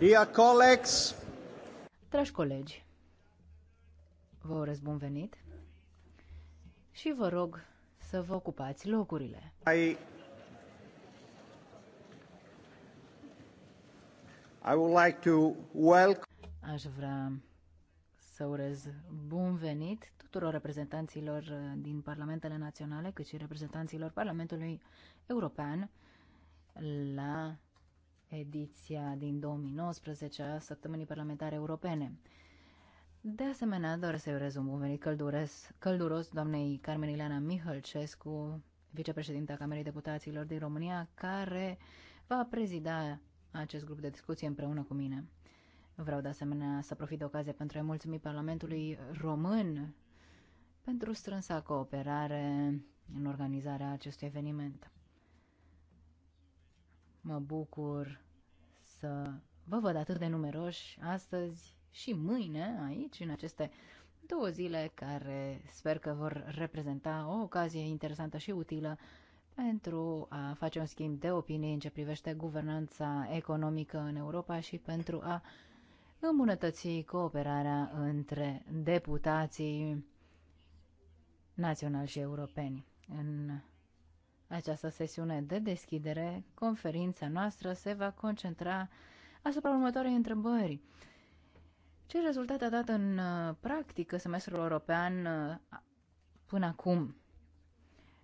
Dear colleagues. Dragi colegi, vă urez bun venit și vă rog să vă ocupați locurile. I, I would like to welcome... Aș vrea să urez bun venit tuturor reprezentanților din parlamentele naționale, cât și reprezentanților Parlamentului European la ediția din 2019 a Săptămânii Parlamentare Europene. De asemenea, doresc să-i urez un bun venit călduros, călduros doamnei Carmen Ileana Mihălcescu, vicepreședinta Camerei Deputaților din România, care va prezida acest grup de discuție împreună cu mine. Vreau de asemenea să profit de ocazie pentru a mulțumi Parlamentului Român pentru strânsa cooperare în organizarea acestui eveniment. Mă bucur să vă văd atât de numeroși astăzi și mâine aici, în aceste două zile care sper că vor reprezenta o ocazie interesantă și utilă pentru a face un schimb de opinii în ce privește guvernanța economică în Europa și pentru a îmbunătăți cooperarea între deputații naționali și europeni. În această sesiune de deschidere, conferința noastră se va concentra asupra următoarei întrebări. Ce rezultate a dat în uh, practică semestrul european uh, până acum?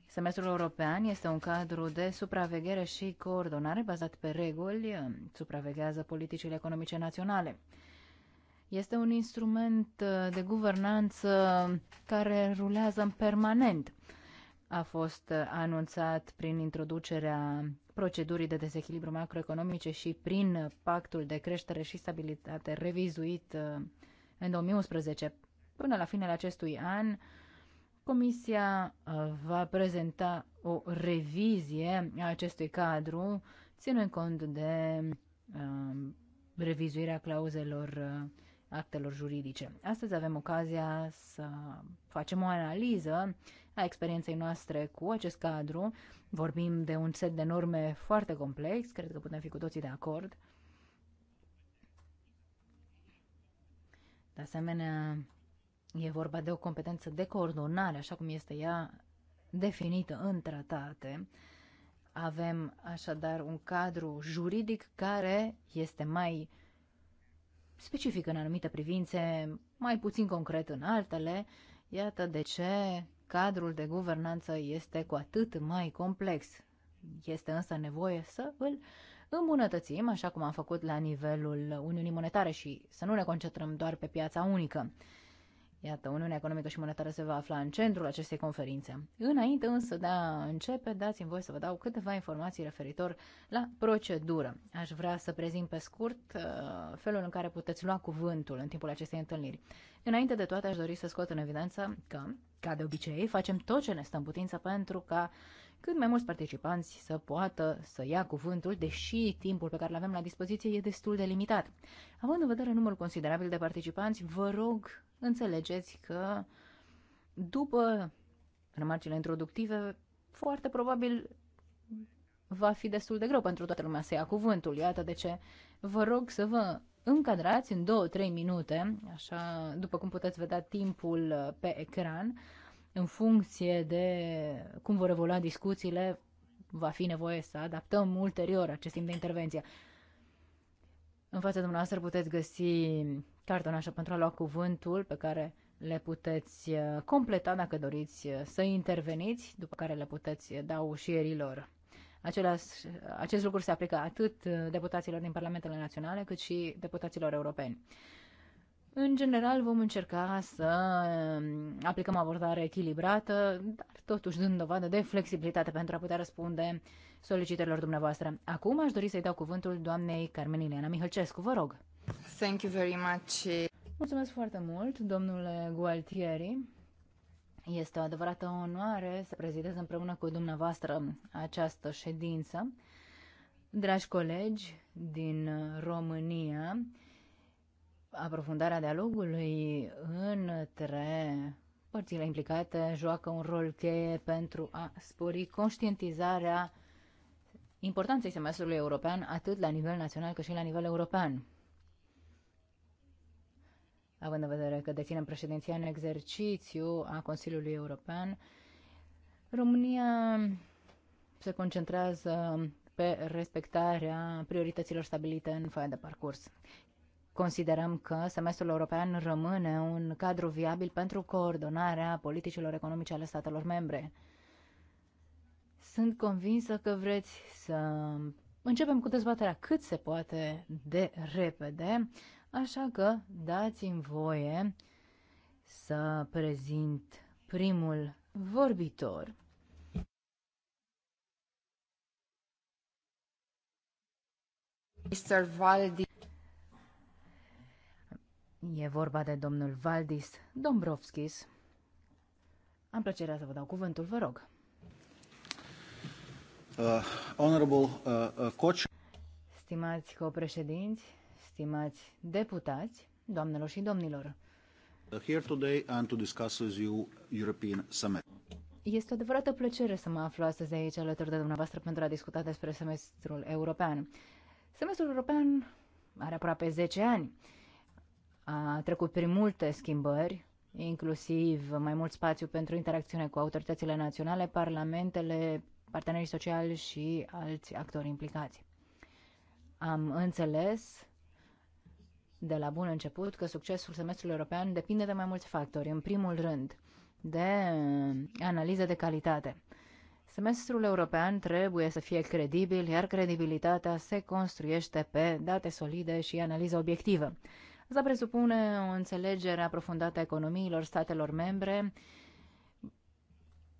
Semestrul european este un cadru de supraveghere și coordonare bazat pe reguli, uh, supraveghează politicile economice naționale. Este un instrument de guvernanță care rulează în permanent a fost uh, anunțat prin introducerea procedurii de dezechilibru macroeconomice și prin pactul de creștere și stabilitate revizuit uh, în 2011. Până la finele acestui an, Comisia uh, va prezenta o revizie a acestui cadru, ținând cont de uh, revizuirea clauzelor uh, actelor juridice. Astăzi avem ocazia să facem o analiză a experienței noastre cu acest cadru. Vorbim de un set de norme foarte complex, cred că putem fi cu toții de acord. De asemenea, e vorba de o competență de coordonare, așa cum este ea definită în tratate. Avem așadar un cadru juridic care este mai specific în anumite privințe, mai puțin concret în altele. Iată de ce cadrul de guvernanță este cu atât mai complex. Este însă nevoie să îl îmbunătățim, așa cum am făcut la nivelul Uniunii Monetare și să nu ne concentrăm doar pe piața unică. Iată, Uniunea Economică și Monetară se va afla în centrul acestei conferințe. Înainte însă de a începe, dați-mi voi să vă dau câteva informații referitor la procedură. Aș vrea să prezint pe scurt uh, felul în care puteți lua cuvântul în timpul acestei întâlniri. Înainte de toate, aș dori să scot în evidență că ca de obicei, facem tot ce ne stă în putință pentru ca cât mai mulți participanți să poată să ia cuvântul, deși timpul pe care îl avem la dispoziție e destul de limitat. Având în vedere numărul considerabil de participanți, vă rog, înțelegeți că după remarcile introductive, foarte probabil va fi destul de greu pentru toată lumea să ia cuvântul. Iată de ce vă rog să vă încadrați în 2-3 minute, așa, după cum puteți vedea timpul uh, pe ecran, în funcție de cum vor evolua discuțiile, va fi nevoie să adaptăm ulterior acest timp de intervenție. În fața dumneavoastră puteți găsi cartonașa pentru a lua cuvântul pe care le puteți uh, completa dacă doriți uh, să interveniți, după care le puteți da ușierilor. Același, acest lucru se aplică atât uh, deputaților din Parlamentele Naționale, cât și deputaților europeni. În general, vom încerca să um, aplicăm o abordare echilibrată, dar totuși dând dovadă de flexibilitate pentru a putea răspunde solicitărilor dumneavoastră. Acum aș dori să-i dau cuvântul doamnei Carmen Ileana Mihălcescu. Vă rog! Thank you very much! Mulțumesc foarte mult, domnule Gualtieri. Este o adevărată onoare să prezidez împreună cu dumneavoastră această ședință. Dragi colegi din România, aprofundarea dialogului între părțile implicate joacă un rol cheie pentru a spori conștientizarea importanței semestrului european atât la nivel național cât și la nivel european având în vedere că deținem președinția în exercițiu a Consiliului European, România se concentrează pe respectarea priorităților stabilite în foaia de parcurs. Considerăm că semestrul european rămâne un cadru viabil pentru coordonarea politicilor economice ale statelor membre. Sunt convinsă că vreți să începem cu dezbaterea cât se poate de repede. Așa că dați-mi voie să prezint primul vorbitor. Mr. Valdi. E vorba de domnul Valdis Dombrovskis. Am plăcerea să vă dau cuvântul, vă rog. Uh, honorable uh, uh, coach. Stimați copreședinți, stimați deputați, doamnelor și domnilor. Here today and to discuss with you European Summit. Este o adevărată plăcere să mă aflu astăzi aici alături de dumneavoastră pentru a discuta despre semestrul european. Semestrul european are aproape 10 ani. A trecut prin multe schimbări, inclusiv mai mult spațiu pentru interacțiune cu autoritățile naționale, parlamentele, partenerii sociali și alți actori implicați. Am înțeles de la bun început că succesul semestrului european depinde de mai mulți factori. În primul rând, de uh, analiză de calitate. Semestrul european trebuie să fie credibil, iar credibilitatea se construiește pe date solide și analiză obiectivă. Asta presupune o înțelegere aprofundată a economiilor statelor membre,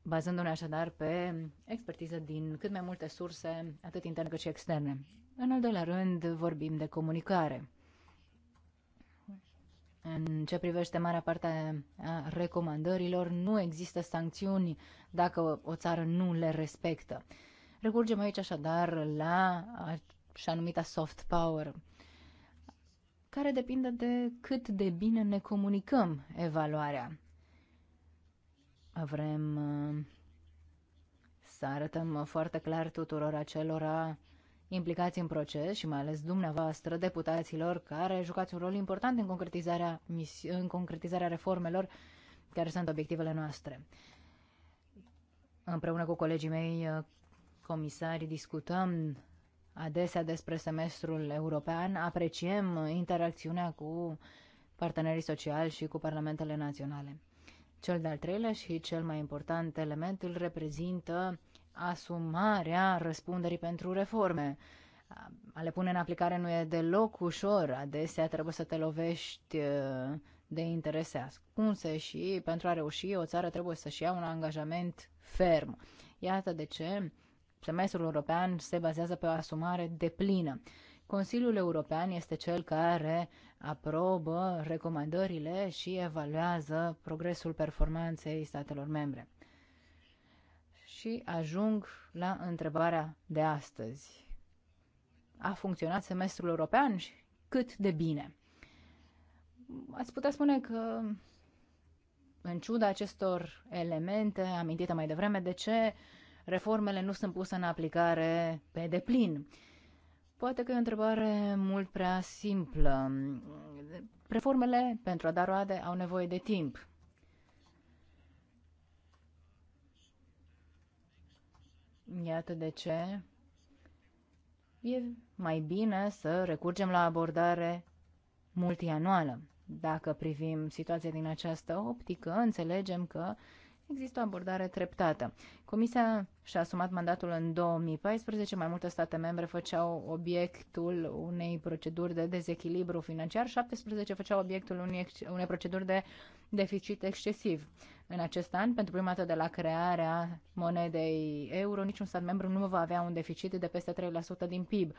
bazându-ne așadar pe expertiză din cât mai multe surse, atât interne cât și externe. În al doilea rând, vorbim de comunicare. În ce privește marea parte a recomandărilor, nu există sancțiuni dacă o țară nu le respectă. Recurgem aici așadar la așa numita soft power, care depinde de cât de bine ne comunicăm evaluarea. Vrem uh, să arătăm foarte clar tuturor acelora implicați în proces și mai ales dumneavoastră, deputaților, care jucați un rol important în concretizarea, în concretizarea reformelor care sunt obiectivele noastre. Împreună cu colegii mei uh, comisari discutăm adesea despre semestrul european, apreciem interacțiunea cu partenerii sociali și cu parlamentele naționale. Cel de-al treilea și cel mai important element îl reprezintă asumarea răspunderii pentru reforme. A le pune în aplicare nu e deloc ușor. Adesea trebuie să te lovești uh, de interese ascunse și pentru a reuși o țară trebuie să-și ia un angajament ferm. Iată de ce semestrul european se bazează pe o asumare deplină. Consiliul European este cel care aprobă recomandările și evaluează progresul performanței statelor membre. Și ajung la întrebarea de astăzi. A funcționat semestrul european și cât de bine? Ați putea spune că, în ciuda acestor elemente amintite mai devreme, de ce reformele nu sunt puse în aplicare pe deplin? Poate că e o întrebare mult prea simplă. Reformele, pentru a da roade, au nevoie de timp. Iată de ce e mai bine să recurgem la abordare multianuală. Dacă privim situația din această optică, înțelegem că există o abordare treptată. Comisia și-a asumat mandatul în 2014, mai multe state membre făceau obiectul unei proceduri de dezechilibru financiar, 17 făceau obiectul unei, unei proceduri de deficit excesiv. În acest an, pentru prima dată de la crearea monedei euro, niciun stat membru nu va avea un deficit de peste 3% din PIB.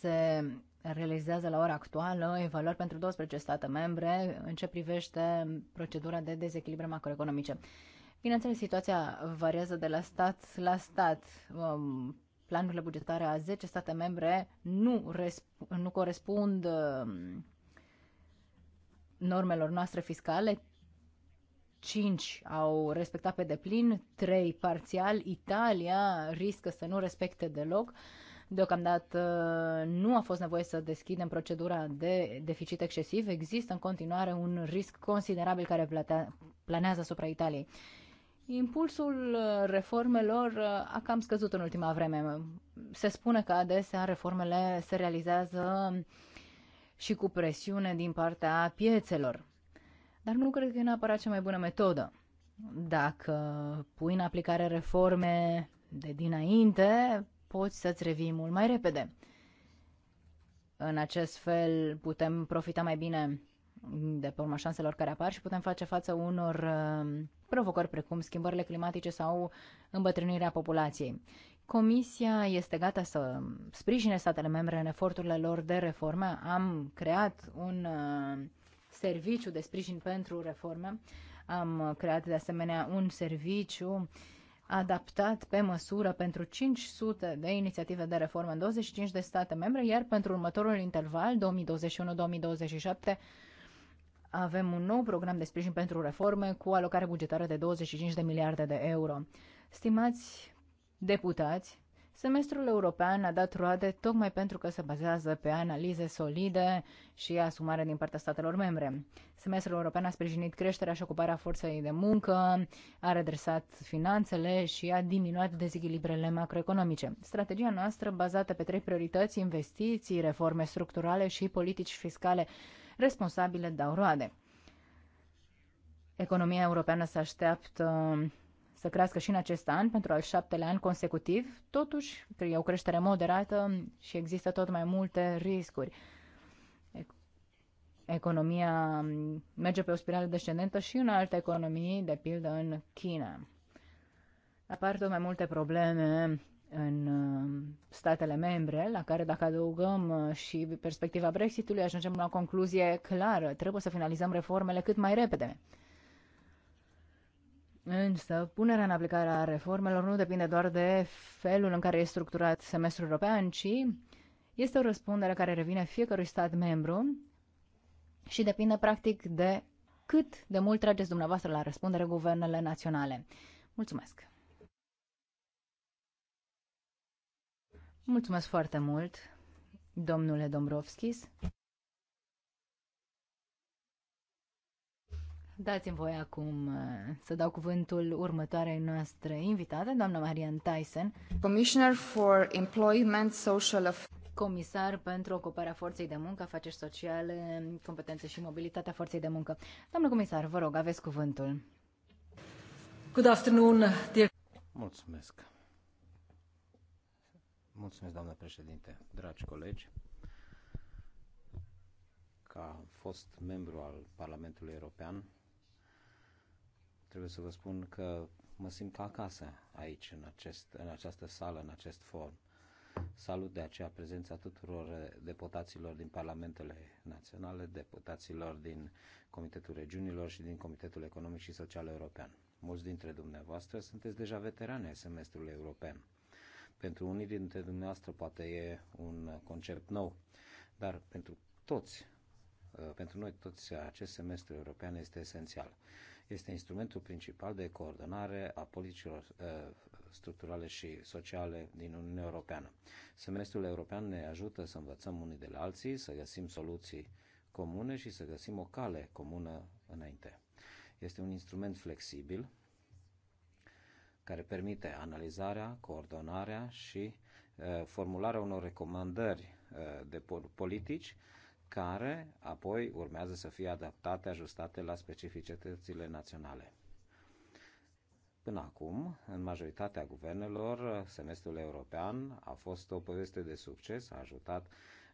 Se realizează la ora actuală evaluări pentru 12 state membre în ce privește procedura de dezechilibre macroeconomice. Bineînțeles, situația variază de la stat la stat. Um, planurile bugetare a 10 state membre nu, nu corespund um, normelor noastre fiscale, 5 au respectat pe deplin, 3 parțial, Italia riscă să nu respecte deloc. Deocamdată uh, nu a fost nevoie să deschidem procedura de deficit excesiv, există în continuare un risc considerabil care planează asupra Italiei. Impulsul uh, reformelor uh, a cam scăzut în ultima vreme. Se spune că adesea reformele se realizează și cu presiune din partea piețelor. Dar nu cred că e neapărat cea mai bună metodă. Dacă pui în aplicare reforme de dinainte, poți să-ți revii mult mai repede. În acest fel putem profita mai bine de pe urma șanselor care apar și putem face față unor uh, provocări precum schimbările climatice sau îmbătrânirea populației. Comisia este gata să sprijine statele membre în eforturile lor de reforme. Am creat un uh, serviciu de sprijin pentru reforme. Am creat de asemenea un serviciu adaptat pe măsură pentru 500 de inițiative de reformă în 25 de state membre, iar pentru următorul interval 2021-2027 avem un nou program de sprijin pentru reforme cu alocare bugetară de 25 de miliarde de euro. Stimați deputați, semestrul european a dat roade tocmai pentru că se bazează pe analize solide și asumare din partea statelor membre. Semestrul european a sprijinit creșterea și ocuparea forței de muncă, a redresat finanțele și a diminuat dezechilibrele macroeconomice. Strategia noastră, bazată pe trei priorități, investiții, reforme structurale și politici fiscale responsabile, dau roade. Economia europeană se așteaptă să crească și în acest an, pentru al șaptele an consecutiv, totuși e o creștere moderată și există tot mai multe riscuri. Economia mm, merge pe o spirală descendentă și în alte economii, de pildă în China. Apar tot mai multe probleme în mm, statele membre, la care dacă adăugăm mm, și perspectiva Brexitului, ajungem la o concluzie clară. Trebuie să finalizăm reformele cât mai repede. Însă, punerea în aplicare a reformelor nu depinde doar de felul în care e structurat semestrul european, ci este o răspundere care revine fiecărui stat membru și depinde practic de cât de mult trageți dumneavoastră la răspundere guvernele naționale. Mulțumesc! Mulțumesc foarte mult, domnule Dombrovskis. Dați-mi voi acum uh, să dau cuvântul următoarei noastre invitate, doamna Marian Tyson, Commissioner for Employment Social comisar pentru ocuparea forței de muncă, afaceri sociale, competențe și mobilitatea forței de muncă. Doamnă comisar, vă rog, aveți cuvântul. Good afternoon, dear... Mulțumesc. Mulțumesc, doamnă președinte, dragi colegi. Ca fost membru al Parlamentului European, trebuie să vă spun că mă simt ca acasă aici, în, acest, în această sală, în acest forum. Salut de aceea prezența tuturor deputaților din Parlamentele Naționale, deputaților din Comitetul Regiunilor și din Comitetul Economic și Social European. Mulți dintre dumneavoastră sunteți deja veterane semestrului european. Pentru unii dintre dumneavoastră poate e un concept nou, dar pentru toți, uh, pentru noi toți, acest semestru european este esențial este instrumentul principal de coordonare a politicilor uh, structurale și sociale din Uniunea Europeană. Semestrul european ne ajută să învățăm unii de la alții, să găsim soluții comune și să găsim o cale comună înainte. Este un instrument flexibil care permite analizarea, coordonarea și uh, formularea unor recomandări uh, de politici care apoi urmează să fie adaptate, ajustate la specificitățile naționale. Până acum, în majoritatea guvernelor, semestrul european a fost o poveste de succes, a ajutat,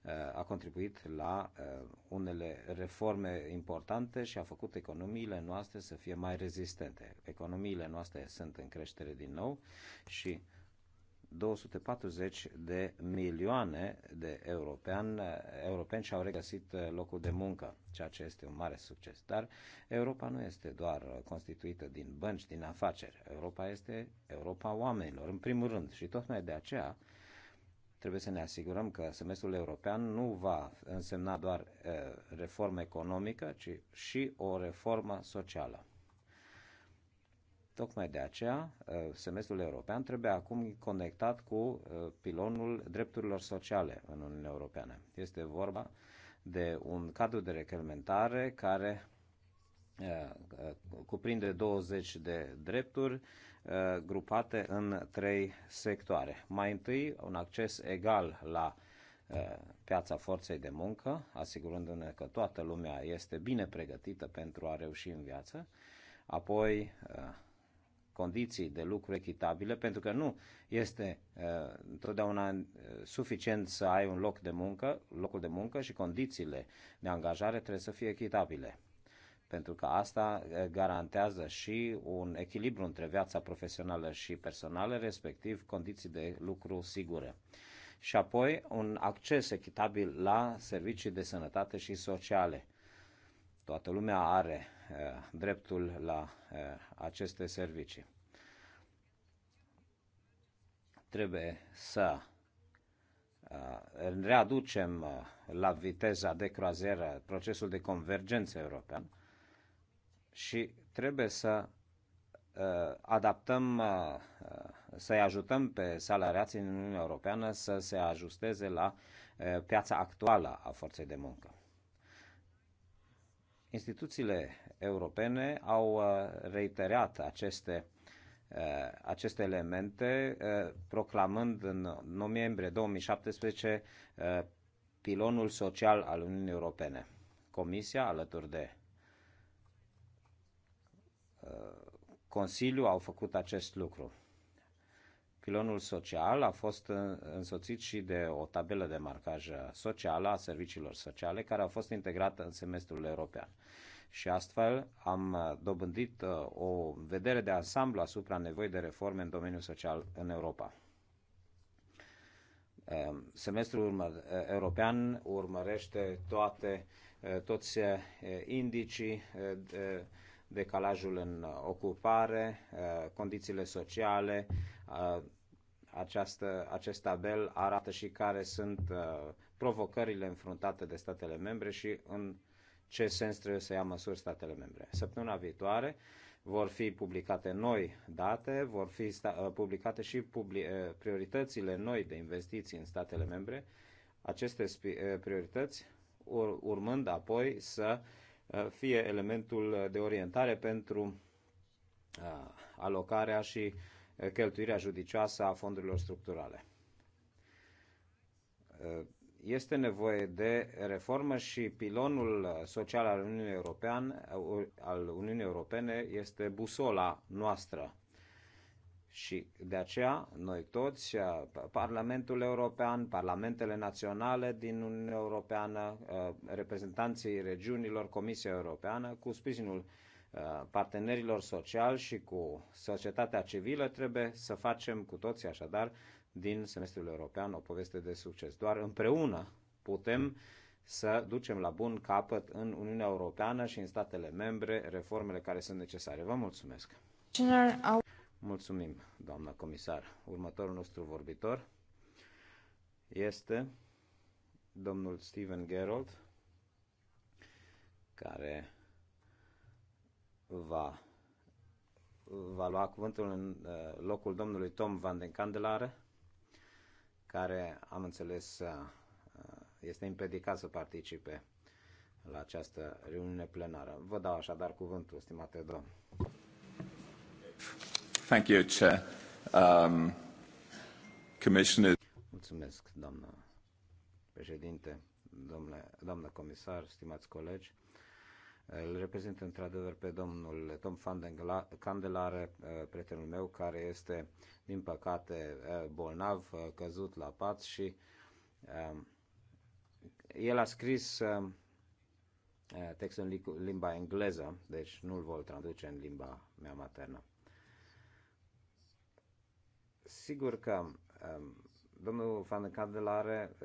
eh, a contribuit la eh, unele reforme importante și a făcut economiile noastre să fie mai rezistente. Economiile noastre sunt în creștere din nou și 240 de milioane de european, europeni și-au regăsit locul de muncă, ceea ce este un mare succes. Dar Europa nu este doar constituită din bănci, din afaceri. Europa este Europa oamenilor, în primul rând. Și tocmai de aceea trebuie să ne asigurăm că semestrul european nu va însemna doar eh, reformă economică, ci și o reformă socială. Tocmai de aceea, uh, semestrul european trebuie acum conectat cu uh, pilonul drepturilor sociale în Uniunea Europeană. Este vorba de un cadru de reglementare care uh, cuprinde 20 de drepturi grupate în trei sectoare. Mai întâi, un acces egal la piața forței de muncă, asigurându-ne că toată lumea este bine pregătită pentru a reuși în viață. Apoi, condiții de lucru echitabile, pentru că nu este uh, întotdeauna uh, suficient să ai un loc de muncă, locul de muncă și condițiile de angajare trebuie să fie echitabile. Pentru că asta uh, garantează și un echilibru între viața profesională și personală, respectiv condiții de lucru sigure. Și apoi un acces echitabil la servicii de sănătate și sociale. Toată lumea are Eh, dreptul la eh, aceste servicii. Trebuie să eh, readucem la viteza de croazieră procesul de convergență european și trebuie să adaptăm, să-i ajutăm pe salariații în Uniunea Europeană să se ajusteze la piața actuală a forței de muncă. Instituțiile europene au uh, reiterat aceste, uh, aceste elemente, uh, proclamând în noiembrie 2017 pilonul social al Uniunii Europene. Comisia, alături de Consiliu, au făcut acest lucru. Pilonul social a fost uh, însoțit și de o tabelă de marcaj socială a serviciilor sociale care a fost integrată în semestrul european. Și astfel am uh, dobândit uh, o vedere de ansamblu asupra nevoii de reforme în domeniul social în Europa. Um, semestrul urmă, european urmărește toate, toți indicii, decalajul în ocupare, condițiile sociale, această, acest tabel arată și care sunt uh, provocările înfruntate de statele membre și în ce sens trebuie să ia măsuri statele membre. Săptămâna viitoare vor fi publicate noi date, vor fi sta, uh, publicate și publi, uh, prioritățile noi de investiții în statele membre, aceste uh, priorități ur, urmând apoi să fie elementul de orientare pentru alocarea și cheltuirea judicioasă a fondurilor structurale. Este nevoie de reformă și pilonul social al Uniunii, European, al Uniunii Europene este busola noastră și de aceea noi toți, Parlamentul European, Parlamentele Naționale din Uniunea Europeană, reprezentanții regiunilor, Comisia Europeană, cu sprijinul Uh, partenerilor sociali și cu societatea civilă, trebuie să facem cu toții așadar din semestrul european o poveste de succes. Doar împreună putem să ducem la bun capăt în Uniunea Europeană și în statele membre reformele care sunt necesare. Vă mulțumesc! Mulțumim, doamna comisar. Următorul nostru vorbitor este domnul Steven Gerold, care va, va lua cuvântul în uh, locul domnului Tom Van den Candelare, care am înțeles uh, uh, este împiedicat să participe la această reuniune plenară. Vă dau așadar cuvântul, stimate domn. Thank you, Chair. Um, Commissioner. Mulțumesc, doamnă președinte, domnule, doamnă comisar, stimați colegi. Îl reprezint într-adevăr pe domnul Tom van Candelare, eh, prietenul meu, care este, din păcate, eh, bolnav, eh, căzut la pat și el a scris textul în limba engleză, deci nu-l voi traduce în limba mea maternă. Sigur că domnul Van Candelare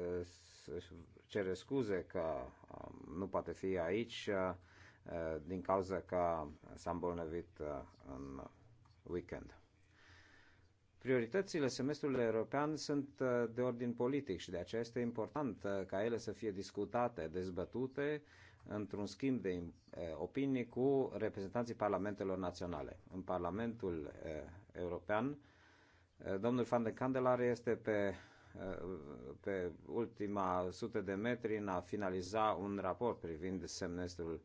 cere scuze că nu poate fi aici, Eh, din cauza că s-a îmbolnăvit eh, în weekend. Prioritățile semestrului european sunt eh, de ordin politic și de aceea este important ca ele să fie discutate, dezbătute într-un schimb de opinii cu reprezentanții parlamentelor naționale. În Parlamentul European, domnul Van de Candelare este pe, pe ultima sute de metri în a finaliza un raport privind semestrul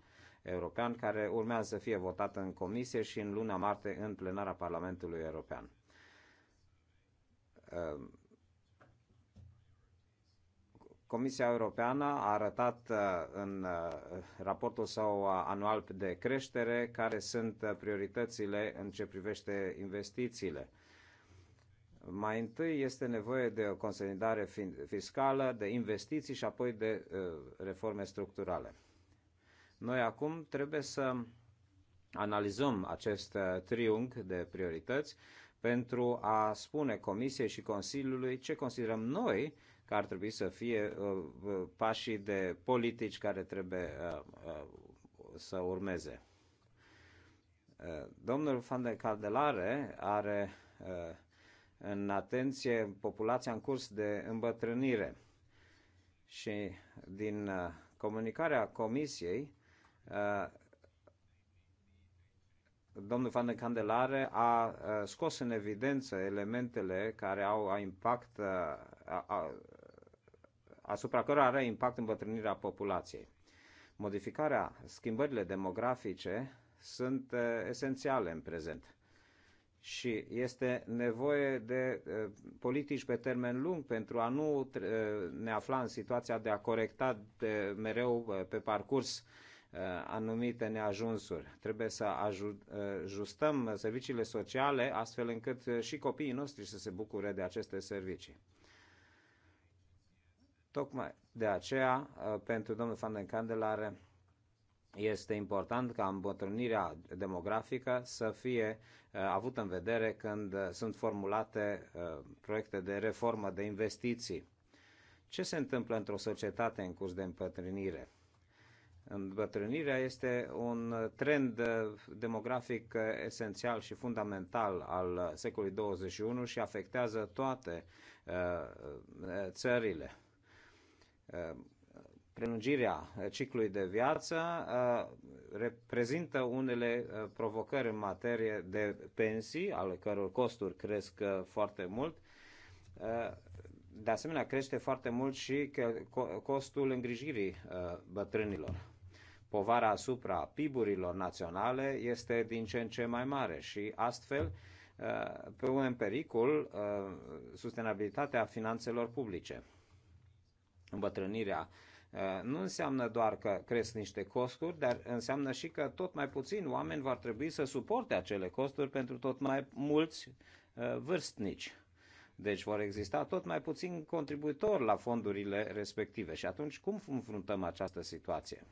European, care urmează să fie votată în comisie și în luna martie în plenara Parlamentului European. Ehm, Comisia Europeană a arătat uh, în uh, raportul său anual de creștere care sunt uh, prioritățile în ce privește investițiile. Mai întâi este nevoie de o consolidare fiscală, de investiții și apoi de reforme structurale. Noi acum trebuie să analizăm acest uh, triunghi de priorități pentru a spune Comisiei și Consiliului ce considerăm noi că ar trebui să fie uh, uh, pașii de politici care trebuie să urmeze. domnul Van de Caldelare are în atenție populația în curs de îmbătrânire și din comunicarea Comisiei Uh, domnul Van de Candelare a uh, scos în evidență elementele care au impact uh, a, a, asupra cărora are impact îmbătrânirea populației. Modificarea, schimbările demografice sunt esențiale în prezent și este nevoie de politici pe termen lung pentru a nu ne afla în situația de a corecta de mereu pe parcurs Uh, anumite neajunsuri. Trebuie să uh, ajustăm serviciile sociale astfel încât uh, și copiii noștri să se bucure de aceste servicii. Tocmai de aceea, pentru domnul Van den Candelare, este important ca îmbătrânirea demografică să fie avută în vedere când sunt formulate proiecte de reformă, de investiții. Ce se întâmplă într-o societate în curs de împătrânire? Îmbătrânirea este un trend uh, demografic uh, esențial și fundamental al uh, secolului 21 și afectează toate țările. Prelungirea ciclului de viață reprezintă unele provocări în materie de pensii, ale căror costuri cresc foarte mult. De asemenea, crește foarte mult și costul îngrijirii bătrânilor povara asupra PIB-urilor naționale este din ce în ce mai mare și astfel uh, pe în pericol uh, sustenabilitatea finanțelor publice. Îmbătrânirea uh, nu înseamnă doar că cresc niște costuri, dar înseamnă și că tot mai puțin oameni vor trebui să suporte acele costuri pentru tot mai mulți vârstnici. Deci vor exista tot mai puțin contribuitori la fondurile respective. Și atunci cum înfruntăm această situație?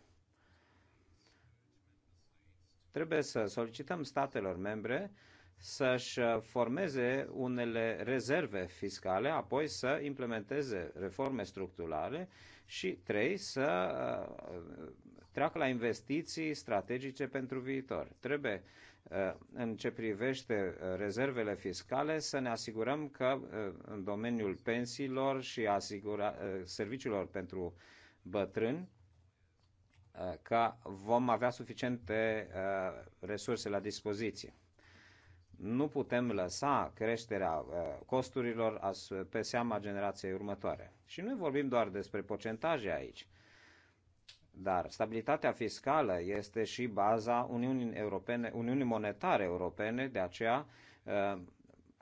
Trebuie să solicităm statelor membre să-și uh, formeze unele rezerve fiscale, apoi să implementeze reforme structurale și, trei, să uh, treacă la investiții strategice pentru viitor. Trebuie, uh, în ce privește rezervele fiscale, să ne asigurăm că în domeniul pensiilor și asigura, serviciilor pentru bătrâni, Uh, că vom avea suficiente uh, resurse la dispoziție. Nu putem lăsa creșterea uh, costurilor pe seama generației următoare. Și nu vorbim doar despre procentaje aici, dar stabilitatea fiscală este și baza Uniunii, Europene, Uniunii Monetare Europene, de aceea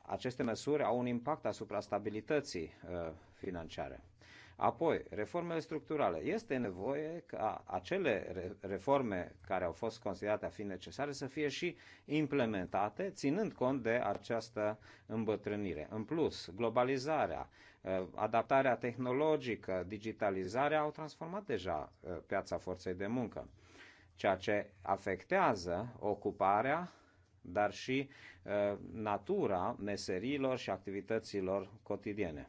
aceste măsuri au un impact asupra stabilității financiare. Apoi, reformele structurale. Este nevoie ca acele reforme care au fost considerate a fi necesare să fie și implementate, ținând cont de această îmbătrânire. În plus, globalizarea, eh, adaptarea tehnologică, digitalizarea au transformat deja eh, piața forței de muncă, ceea ce afectează ocuparea, dar și eh, natura meserilor și activităților cotidiene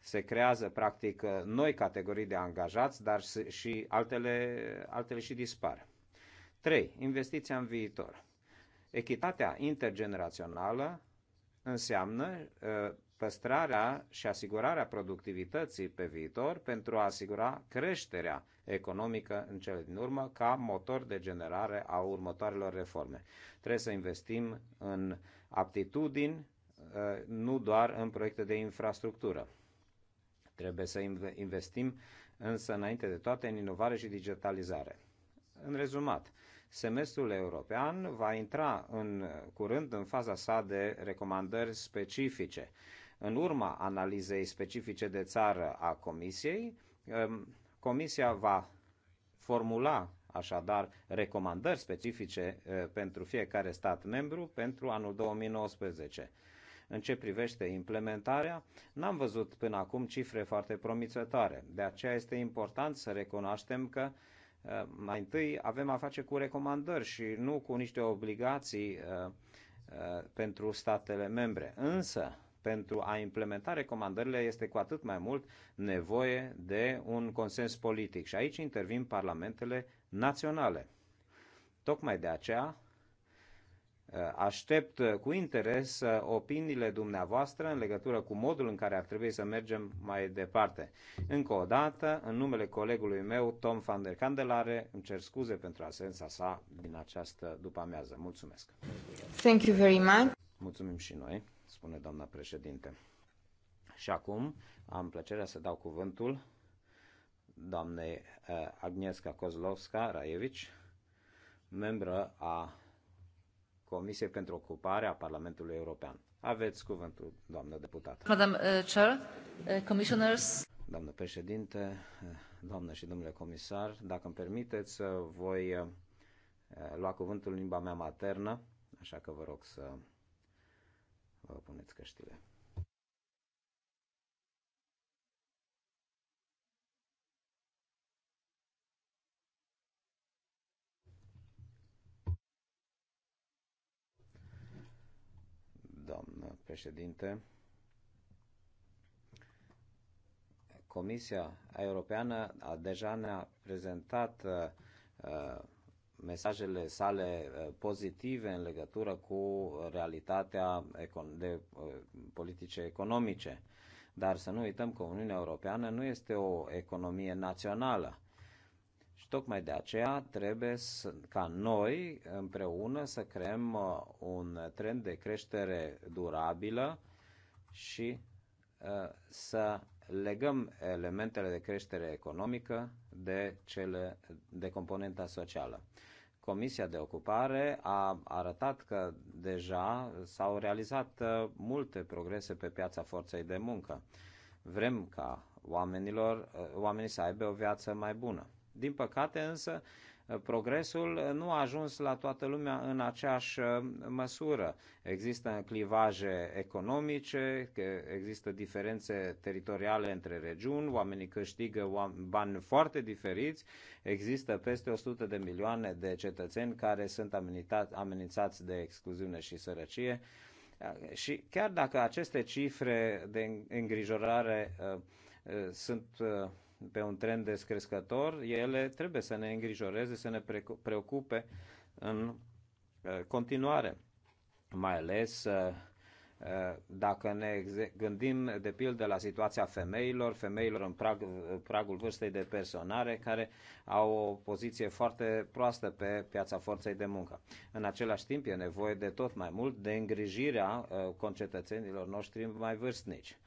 se creează practic noi categorii de angajați, dar și altele, altele și dispar. 3. Investiția în viitor. Echitatea intergenerațională înseamnă ă, păstrarea și asigurarea productivității pe viitor pentru a asigura creșterea economică în cele din urmă ca motor de generare a următoarelor reforme. Trebuie să investim în aptitudini, ă, nu doar în proiecte de infrastructură. Trebuie să investim însă înainte de toate în inovare și digitalizare. În rezumat, semestrul european va intra în curând în faza sa de recomandări specifice. În urma analizei specifice de țară a Comisiei, um, Comisia va formula așadar recomandări specifice uh, pentru fiecare stat membru pentru anul 2019. În ce privește implementarea, n-am văzut până acum cifre foarte promițătoare. De aceea este important să recunoaștem că uh, mai întâi avem a face cu recomandări și nu cu niște obligații uh, uh, pentru statele membre. Însă, pentru a implementa recomandările este cu atât mai mult nevoie de un consens politic. Și aici intervin parlamentele naționale. Tocmai de aceea Uh, aștept uh, cu interes uh, opiniile dumneavoastră în legătură cu modul în care ar trebui să mergem mai departe. Încă o dată, în numele colegului meu, Tom van der Candelare, îmi cer scuze pentru asența sa din această după-amiază. Mulțumesc! Thank you very much! Mulțumim și noi, spune doamna președinte. Și acum am plăcerea să dau cuvântul doamnei Agnieszka Kozlovska-Raievici, membră a Comisiei pentru Ocuparea Parlamentului European. Aveți cuvântul, doamnă deputată. Madam uh, Chair, uh, Commissioners. Doamnă președinte, uh, doamnă și domnule comisar, dacă îmi permiteți, uh, voi uh, lua cuvântul în limba mea maternă, așa că vă rog să vă puneți căștile. președinte. Comisia Europeană a deja ne-a prezentat uh, uh mesajele sale uh, pozitive în legătură cu realitatea de uh, politice economice. Dar să nu uităm că Uniunea Europeană nu este o economie națională. Și tocmai de aceea trebuie să, ca noi împreună să creăm uh, un trend de creștere durabilă și uh, să legăm elementele de creștere economică de cele de componenta socială. Comisia de ocupare a arătat că deja s-au realizat uh, multe progrese pe piața forței de muncă. Vrem ca oamenilor, oamenii să aibă o viață mai bună. Din păcate însă, progresul nu a ajuns la toată lumea în aceeași uh, măsură. Există clivaje economice, există diferențe teritoriale între regiuni, oamenii câștigă bani foarte diferiți, există peste 100 de milioane de cetățeni care sunt amenințați de excluziune și sărăcie. Uh, și chiar dacă aceste cifre de îngrijorare uh, sunt pe un trend descrescător, ele trebuie să ne îngrijoreze, să ne preocupe în uh, continuare, mai ales uh, uh, dacă ne gândim de pildă la situația femeilor, femeilor în prag, pragul vârstei de personare, care au o poziție foarte proastă pe piața forței de muncă. În același timp e nevoie de tot mai mult de îngrijirea concetățenilor noștri mai vârstnici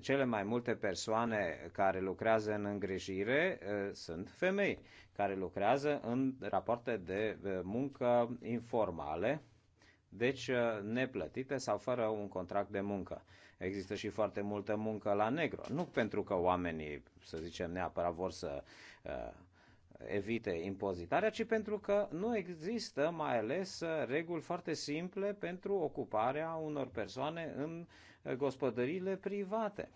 cele mai multe persoane care lucrează în îngrijire eh, sunt femei, care lucrează în rapoarte de eh, muncă informale, deci eh, neplătite sau fără un contract de muncă. Există și foarte multă muncă la negru. Nu pentru că oamenii, să zicem, neapărat vor să evite impozitarea, ci pentru că nu există mai ales reguli foarte simple pentru ocuparea unor persoane în gospodăriile private.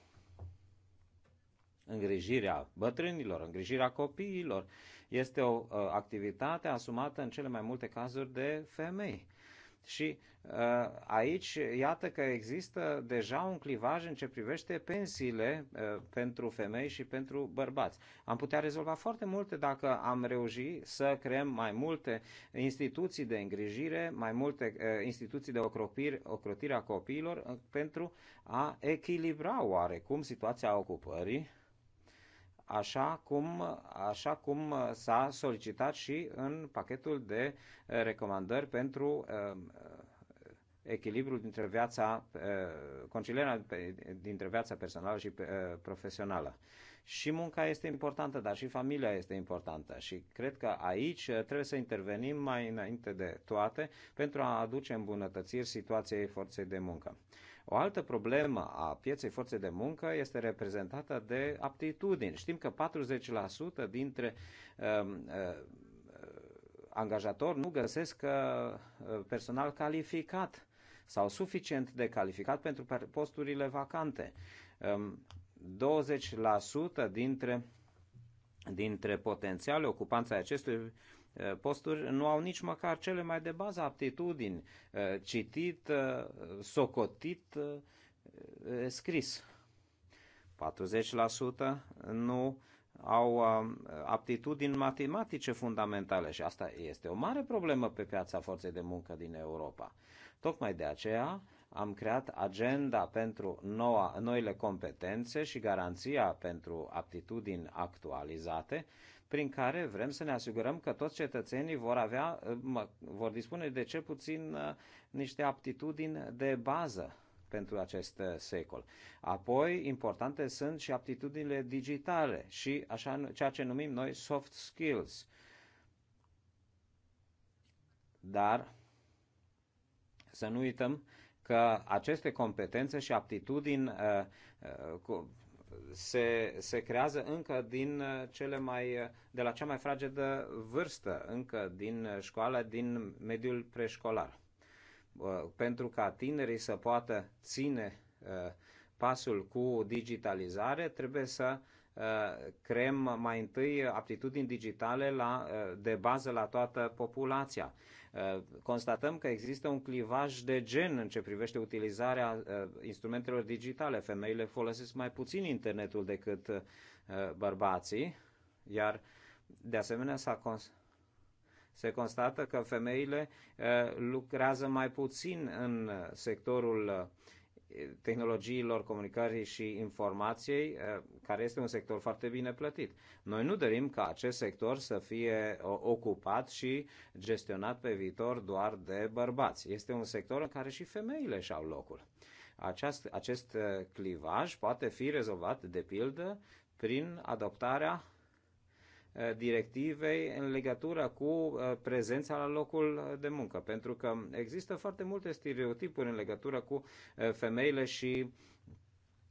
Îngrijirea bătrânilor, îngrijirea copiilor este o uh, activitate asumată în cele mai multe cazuri de femei. Și uh, aici, iată că există deja un clivaj în ce privește pensiile uh, pentru femei și pentru bărbați. Am putea rezolva foarte multe dacă am reușit să creăm mai multe instituții de îngrijire, mai multe uh, instituții de ocropiri, ocrotire a copiilor pentru a echilibra oarecum situația ocupării așa cum, așa cum uh, s-a solicitat și în pachetul de uh, recomandări pentru uh, echilibrul dintre viața, concilierea dintre viața personală și profesională. Și munca este importantă, dar și familia este importantă și cred că aici trebuie să intervenim mai înainte de toate pentru a aduce îmbunătățiri situației forței de muncă. O altă problemă a pieței forței de muncă este reprezentată de aptitudini. Știm că 40% dintre uh, uh, angajatori nu găsesc uh, personal calificat sau suficient de calificat pentru posturile vacante. Uh, um, 20% dintre, dintre potențiale ocupanții acestui Eh, posturi nu au nici măcar cele mai de bază aptitudini, eh, citit, eh, socotit, scris. 40% nu au aptitudini matematice fundamentale și asta este o mare problemă pe piața forței de muncă din Europa. Tocmai de aceea am creat agenda pentru noua, noile competențe și garanția pentru aptitudini actualizate prin care vrem să ne asigurăm că toți cetățenii vor avea, vor dispune de cel puțin uh, niște aptitudini de bază pentru acest uh, secol. Apoi, importante sunt și aptitudinile digitale și așa, ceea ce numim noi soft skills. Dar să nu uităm că aceste competențe și aptitudini uh, se, se creează încă din uh, cele mai, uh, de la cea mai fragedă vârstă, încă din uh, școală, din mediul preșcolar. Pentru ca tinerii să poată ține pasul cu digitalizare, trebuie să creăm mai întâi aptitudini digitale la, de bază la toată populația. Uh, constatăm că există un clivaj de gen în ce privește utilizarea uh, instrumentelor digitale. Femeile folosesc mai puțin internetul decât uh, bărbații, iar de asemenea s-a constatat se constată că femeile lucrează mai puțin în sectorul tehnologiilor comunicării și informației, eh, care este un sector foarte bine plătit. Noi nu dorim ca acest sector să fie ocupat și gestionat pe viitor doar de bărbați. Este un sector în care și femeile și-au locul. Aceast, acest eh, clivaj poate fi rezolvat, de pildă, prin adoptarea Uh, directivei în legătură cu uh, prezența la locul de muncă, pentru că există foarte multe stereotipuri în legătură cu uh, femeile și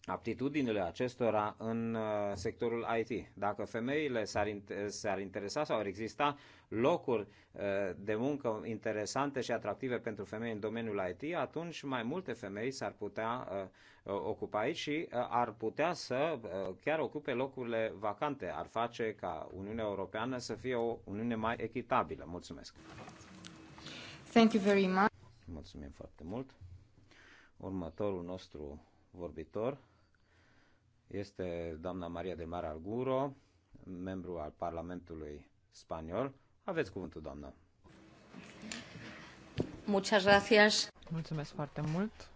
aptitudinile acestora în uh, sectorul IT. Dacă femeile s-ar, s-ar interesa sau ar exista locuri uh, de muncă interesante și atractive pentru femei în domeniul IT, atunci mai multe femei s-ar putea uh, ocupa aici și ar putea să chiar ocupe locurile vacante. Ar face ca Uniunea Europeană să fie o Uniune mai echitabilă. Mulțumesc! Thank you very much! Mulțumim foarte mult! Următorul nostru vorbitor este doamna Maria de Mar membru al Parlamentului Spaniol. Aveți cuvântul, doamnă. Muchas gracias. Mulțumesc foarte mult.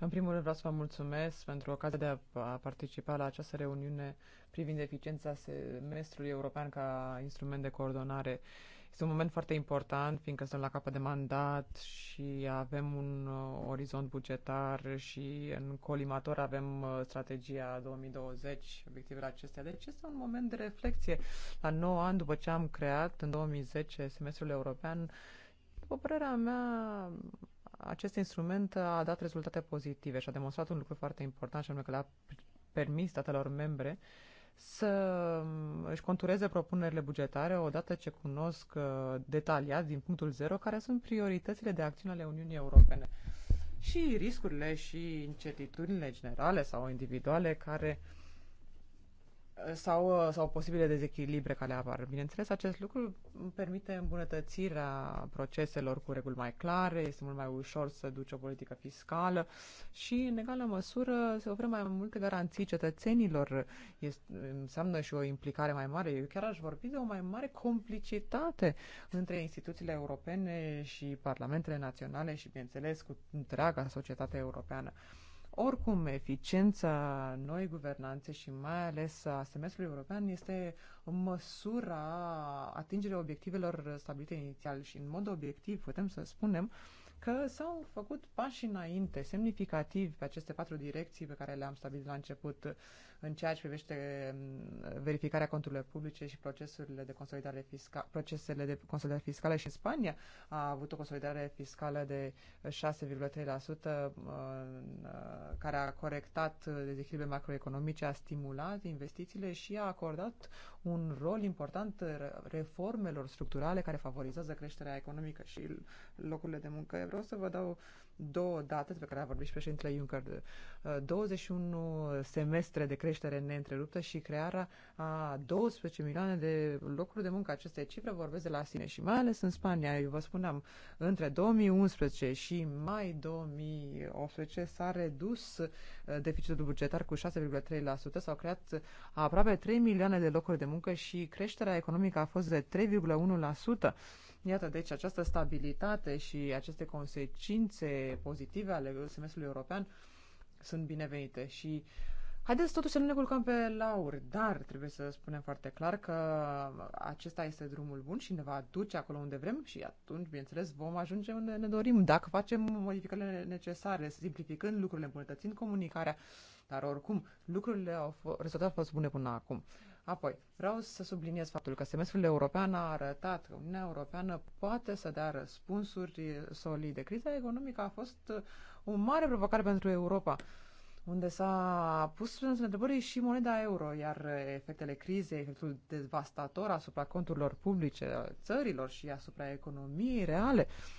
În primul rând vreau să vă mulțumesc pentru ocazia de a participa la această reuniune privind eficiența semestrului european ca instrument de coordonare uh, este un moment foarte important, fiindcă suntem la capăt de mandat și avem un uh, orizont bugetar și în colimator avem uh, strategia 2020, obiectivele acestea. Deci este un moment de reflexie. La 9 ani după ce am creat în 2010 semestrul european, după părerea mea, acest instrument a dat rezultate pozitive și a demonstrat un lucru foarte important, și anume că le-a permis statelor membre uh, să își contureze propunerile bugetare odată ce cunosc uh, detaliat din punctul zero care sunt prioritățile de acțiune ale Uniunii Europene și riscurile și incertitudinile generale sau individuale care uh, sau, uh, sau posibile dezechilibre care apar. Bineînțeles, acest lucru permite îmbunătățirea proceselor cu reguli mai clare, este mult mai ușor să duci o politică fiscală și, în egală măsură, se oferă mai multe garanții cetățenilor. Este, înseamnă și o implicare mai mare. Eu chiar aș vorbi de o mai mare complicitate între instituțiile europene și parlamentele naționale și, bineînțeles, cu întreaga societate europeană. Oricum, eficiența noi guvernanțe și mai ales a semestrului european este măsura atingerea obiectivelor stabilite inițial și în mod obiectiv putem să spunem că s-au făcut pași înainte semnificativi pe aceste patru direcții pe care le-am stabilit la început în ceea ce privește mm, verificarea conturilor publice și procesurile de consolidare fiscală, procesele de consolidare fiscală și în Spania a avut o consolidare fiscală de 6,3% mm, care a corectat dezechilibre macroeconomice, a stimulat investițiile și a acordat un rol important reformelor structurale care favorizează creșterea economică și locurile de muncă. Vreau să vă dau două date pe care a vorbit și președintele Juncker, 21 uh, semestre de creștere neîntreruptă și crearea a 12 milioane de locuri de muncă. Aceste cifre vorbesc de la sine și mai ales în Spania, eu vă spuneam, între 2011 și mai 2018 s-a redus uh, deficitul bugetar cu 6,3%, s-au creat aproape 3 milioane de locuri de muncă și creșterea economică a fost de 3,1%. Iată, deci, această stabilitate și aceste consecințe pozitive ale semestrului european sunt binevenite și Haideți totuși să nu ne culcăm pe lauri, dar trebuie să spunem foarte clar că acesta este drumul bun și ne va duce acolo unde vrem și atunci, bineînțeles, vom ajunge unde ne dorim, dacă facem modificările necesare, simplificând lucrurile, îmbunătățind comunicarea, dar oricum, lucrurile au rezultat fost bune până acum. Apoi, vreau să subliniez faptul că semestrul european a arătat că Uniunea Europeană poate să dea răspunsuri solide. Criza economică a fost uh, o mare provocare pentru Europa, unde s-a pus în întrebări și moneda euro, iar efectele crizei, efectul devastator asupra conturilor publice țărilor și asupra economiei reale, uh,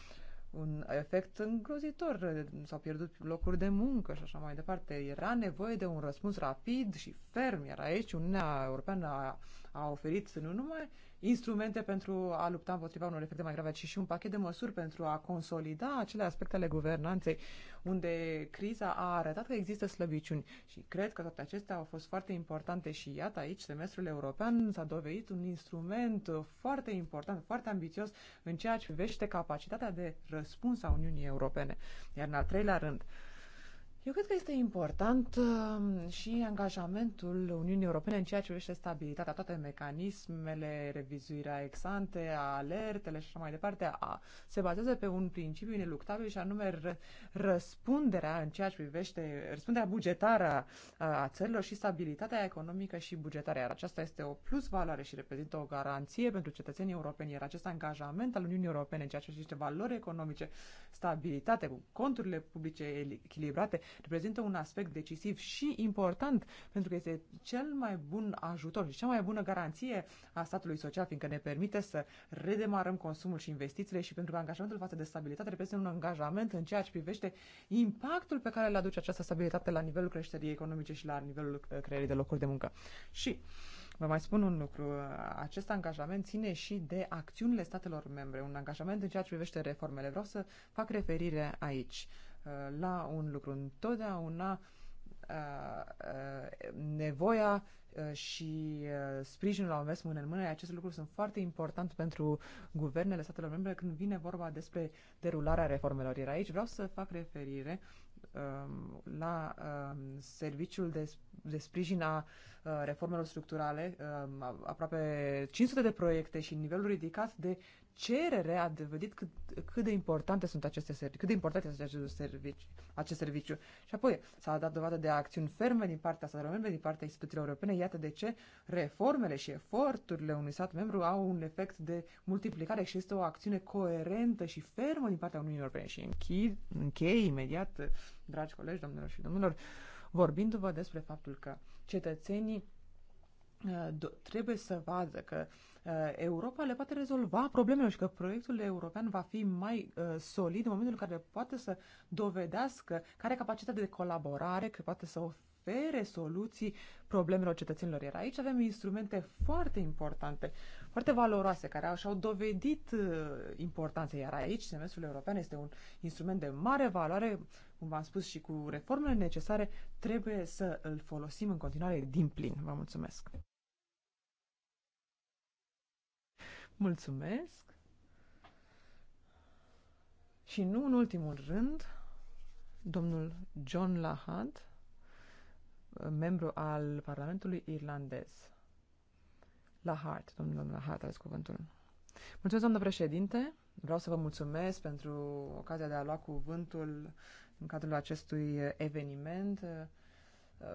un efect îngrozitor. S-au pierdut locuri de muncă și așa mai departe. Era nevoie de un răspuns rapid și ferm, iar aici Uniunea Europeană a a oferit nu numai instrumente pentru a lupta împotriva unor efecte mai grave, ci și un pachet de măsuri pentru a consolida acele aspecte ale guvernanței unde criza a arătat că există slăbiciuni. Și cred că toate acestea au fost foarte importante și iată aici semestrul european s-a dovedit un instrument foarte important, foarte ambițios în ceea ce privește capacitatea de răspuns a Uniunii Europene. Iar în al treilea rând, eu cred că este important um, și angajamentul Uniunii Europene în ceea ce privește stabilitatea, toate mecanismele, revizuirea exante, alertele și așa mai departe, a, se bazează pe un principiu ineluctabil și anume răspunderea în ceea ce privește răspunderea bugetară a țărilor și stabilitatea economică și bugetară. Iar aceasta este o plus valoare și reprezintă o garanție pentru cetățenii europeni, iar acest angajament al Uniunii Europene în ceea ce privește valori economice, stabilitate cu conturile publice echilibrate, reprezintă un aspect decisiv și important, pentru că este cel mai bun ajutor și cea mai bună garanție a statului social, fiindcă ne permite să redemarăm consumul și investițiile și pentru că angajamentul față de stabilitate reprezintă un angajament în ceea ce privește impactul pe care îl aduce această stabilitate la nivelul creșterii economice și la nivelul uh, creării de locuri de muncă. Și Vă mai spun un lucru. Uh, acest angajament ține și de acțiunile statelor membre, un angajament în ceea ce privește reformele. Vreau să fac referire aici. Uh, la un lucru. Întotdeauna uh, uh, nevoia și sprijinul la mers mână în mână. Aceste lucruri sunt foarte importante pentru guvernele statelor membre când vine vorba despre derularea reformelor. Iar aici vreau să fac referire um, la um, serviciul de, de sprijin a reformelor structurale, um, aproape 500 de proiecte și nivelul ridicat de cerere a devenit cât, cât de importante sunt aceste servicii, cât de importante sunt acest serviciu, acest serviciu. Și apoi s-a dat dovadă de acțiuni ferme din partea statelor membre, din partea instituțiilor europene. Iată de ce reformele și eforturile unui stat membru au un efect de multiplicare și este o acțiune coerentă și fermă din partea Uniunii Europene. Și închei, închei imediat, dragi colegi, domnilor și domnilor, vorbindu-vă despre faptul că cetățenii Uh, trebuie să vadă că uh, Europa le poate rezolva problemele și că proiectul european va fi mai uh, solid în momentul în care poate să dovedească care capacitatea de colaborare, că poate să ofere soluții problemelor cetățenilor. Iar aici avem instrumente foarte importante, foarte valoroase, care și-au dovedit importanța. Iar aici, semestrul european este un instrument de mare valoare, cum v-am spus și cu reformele necesare, trebuie să îl folosim în continuare din plin. Vă mulțumesc! Mulțumesc. Și nu în ultimul rând, domnul John Lahad, membru al Parlamentului Irlandez. Lahart, domnul Lahart, ați cuvântul. Mulțumesc, doamnă președinte. Vreau să vă mulțumesc pentru ocazia de a lua cuvântul în cadrul acestui eveniment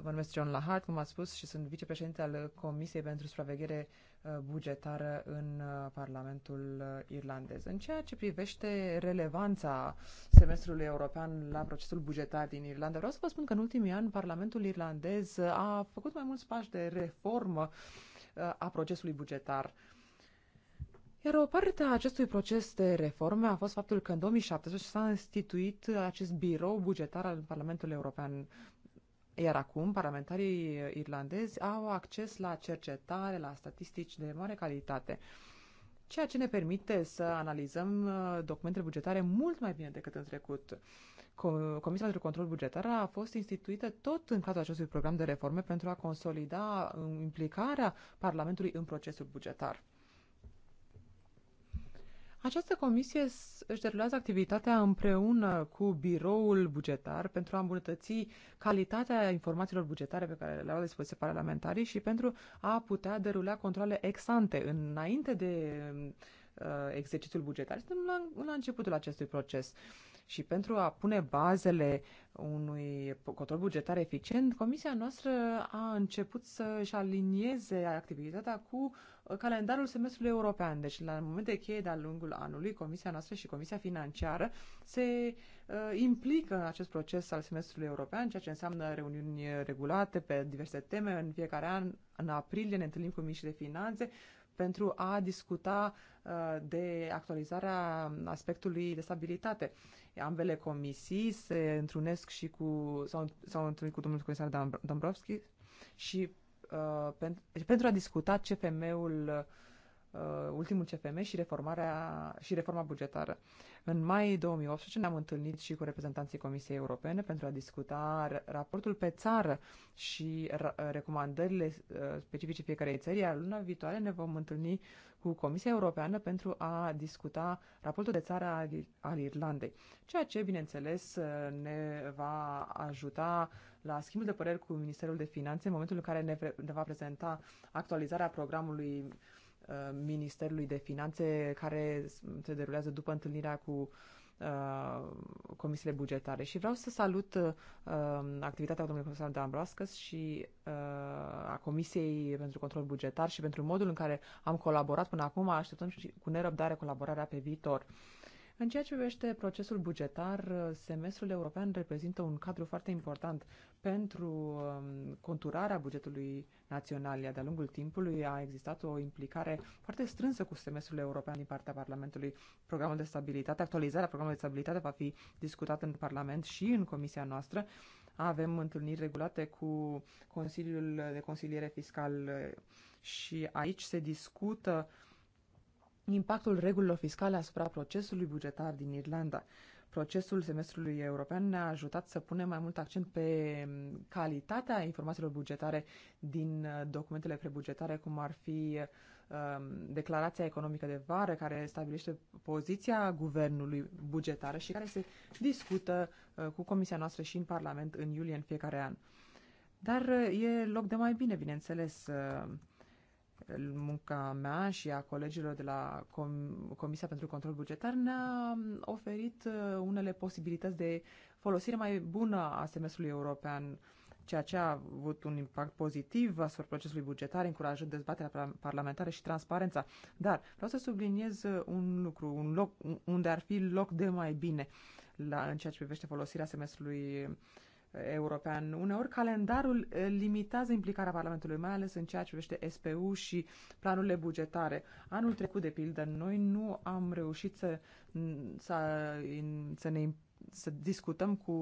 Mă numesc John Lahart, cum ați spus, și sunt vicepreședinte al Comisiei pentru Supraveghere uh, Bugetară în uh, Parlamentul uh, Irlandez. În ceea ce privește relevanța semestrului european la procesul bugetar din Irlanda, vreau să vă spun că în ultimii ani Parlamentul Irlandez a făcut mai mulți pași de reformă a procesului bugetar. Iar o parte a acestui proces de reforme a fost faptul că în 2017 s-a instituit acest birou bugetar al Parlamentului European. Iar acum, parlamentarii irlandezi au acces la cercetare, la statistici de mare calitate, ceea ce ne permite să analizăm uh, documentele bugetare mult mai bine decât în trecut. Comisia pentru Control Bugetar a fost instituită tot în cadrul acestui program de reforme pentru a consolida uh, implicarea Parlamentului în procesul bugetar. Această comisie își derulează activitatea împreună cu biroul bugetar pentru a îmbunătăți calitatea informațiilor bugetare pe care le au la dispoziție parlamentarii și pentru a putea derula controle ex-ante înainte de uh, exercițiul bugetar. Suntem la, la începutul acestui proces. Și pentru a pune bazele unui control bugetar eficient, comisia noastră a început să-și alinieze activitatea cu uh, calendarul semestrului european. Deci, la momente cheie de-a lungul anului, Comisia noastră și Comisia Financiară se uh, implică în acest proces al semestrului european, ceea ce înseamnă reuniuni regulate pe diverse teme. În fiecare an, în aprilie, ne întâlnim cu miștii de finanțe pentru a discuta uh, de actualizarea aspectului de stabilitate. Ambele comisii se întrunesc și cu, s-au, s-au întâlnit cu domnul comisar Dombrovski și Uh, pentru, deci pentru a discuta CFM-ul, uh, ultimul CFM și, reformarea, și reforma bugetară. În mai 2018 ne-am întâlnit și cu reprezentanții Comisiei Europene pentru a discuta raportul pe țară și recomandările uh, specifice fiecarei țări, iar luna viitoare ne vom întâlni cu Comisia Europeană pentru a discuta raportul de țară al, al Irlandei, ceea ce, bineînțeles, ne va ajuta la schimbul de păreri cu Ministerul de Finanțe în momentul în care ne, pre- ne va prezenta actualizarea programului uh, Ministerului de Finanțe care se derulează după întâlnirea cu uh, Uh, comisiile bugetare. Și vreau să salut uh, activitatea domnului profesor de Ambrascăs și uh, a Comisiei pentru Control Bugetar și pentru modul în care am colaborat până acum. Așteptăm și cu nerăbdare colaborarea pe viitor. În ceea ce privește procesul bugetar, uh, semestrul european reprezintă un cadru foarte important pentru um, conturarea bugetului național, de-a lungul timpului a existat o implicare foarte strânsă cu semestrul european din partea Parlamentului. Programul de stabilitate, actualizarea programului de stabilitate va fi discutată în Parlament și în comisia noastră. Avem întâlniri regulate cu Consiliul de Consiliere Fiscal uh, și aici se discută impactul regulilor fiscale asupra procesului bugetar din Irlanda. Procesul semestrului european ne-a ajutat să punem mai mult accent pe mm, calitatea informațiilor bugetare din uh, documentele prebugetare, cum ar fi um, declarația economică de vară care stabilește poziția guvernului bugetară și care se discută uh, cu comisia noastră și în Parlament în iulie în fiecare an. Dar uh, e loc de mai bine, bineînțeles. Uh, munca mea și a colegilor de la Com- Comisia pentru Control Bugetar ne-a oferit uh, unele posibilități de folosire mai bună a semestrului european, ceea ce a avut un impact pozitiv asupra procesului bugetar, încurajând dezbaterea parlamentară și transparența. Dar vreau să subliniez uh, un lucru, un loc unde ar fi loc de mai bine la, în ceea ce privește folosirea semestrului european. Uneori calendarul eh, limitează implicarea Parlamentului, mai ales în ceea ce privește SPU și planurile bugetare. Anul trecut, de pildă, noi nu am reușit să, să, să, ne, să discutăm cu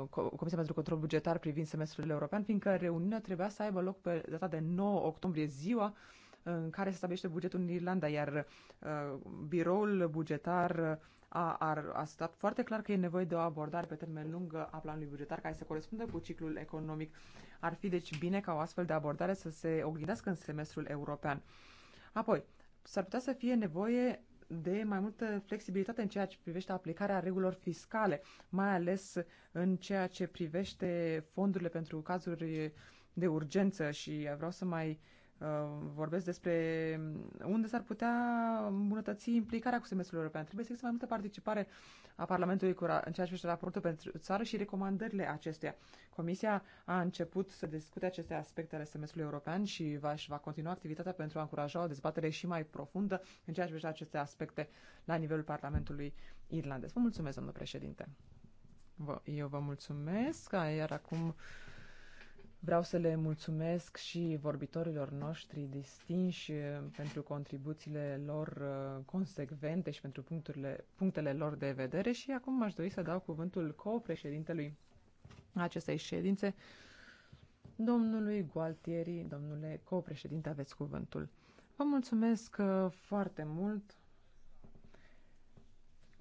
uh, Comisia pentru Control Bugetar privind semestrul european, fiindcă reuniunea trebuia să aibă loc pe data de 9 octombrie, ziua uh, în care se stabilește bugetul în Irlanda, iar uh, biroul bugetar uh, a, a, a stat foarte clar că e nevoie de o abordare pe termen lung a planului bugetar care să corespundă cu ciclul economic. Ar fi deci bine ca o astfel de abordare să se oglindească în semestrul european. Apoi, s-ar putea să fie nevoie de mai multă flexibilitate în ceea ce privește aplicarea regulilor fiscale, mai ales în ceea ce privește fondurile pentru cazuri de urgență și vreau să mai uh, Uh, vorbesc despre unde s-ar putea îmbunătăți implicarea cu semestrul european. Trebuie să existe mai multă participare a Parlamentului în ceea ce privește raportul pentru țară și recomandările acesteia. Comisia a început să discute aceste aspecte ale semestrului european și va, și va continua activitatea pentru a încuraja o dezbatere și mai profundă în ceea ce privește aceste aspecte la nivelul Parlamentului irlandez. Vă mulțumesc, domnul președinte. Vă, eu vă mulțumesc, iar acum Vreau să le mulțumesc și vorbitorilor noștri distinși eh, pentru contribuțiile lor eh, consecvente și pentru puncturile, punctele lor de vedere și acum aș dori să dau cuvântul co-președintelui acestei ședințe, domnului Gualtieri, domnule co-președinte, aveți cuvântul. Vă mulțumesc eh, foarte mult.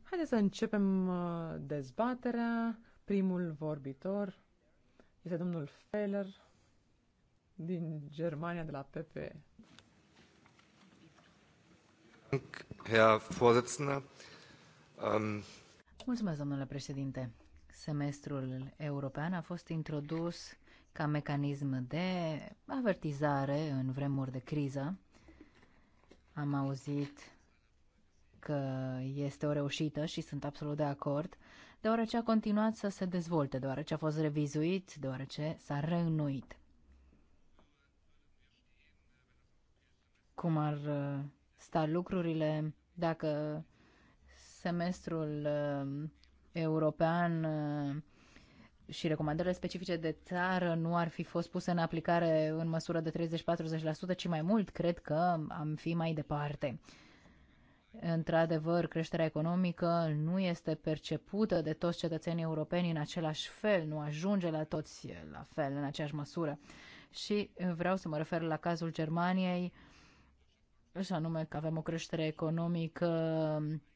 Haideți să începem dezbaterea. Primul vorbitor este domnul Feller din Germania, de la PPE. Ähm, Mulțumesc, domnule președinte. Semestrul european a fost introdus ca mecanism de avertizare în vremuri de criză. Am auzit că este o reușită și sunt absolut de acord deoarece a continuat să se dezvolte, deoarece a fost revizuit, deoarece s-a reînnoit. Cum ar uh, sta lucrurile dacă semestrul uh, european uh, și recomandările specifice de țară nu ar fi fost puse în aplicare în măsură de 30-40%, ci mai mult, cred că am fi mai departe. Într-adevăr, creșterea economică nu este percepută de toți cetățenii europeni în același fel, nu ajunge la toți la fel, în aceeași măsură. Și vreau să mă refer la cazul Germaniei, și anume că avem o creștere economică,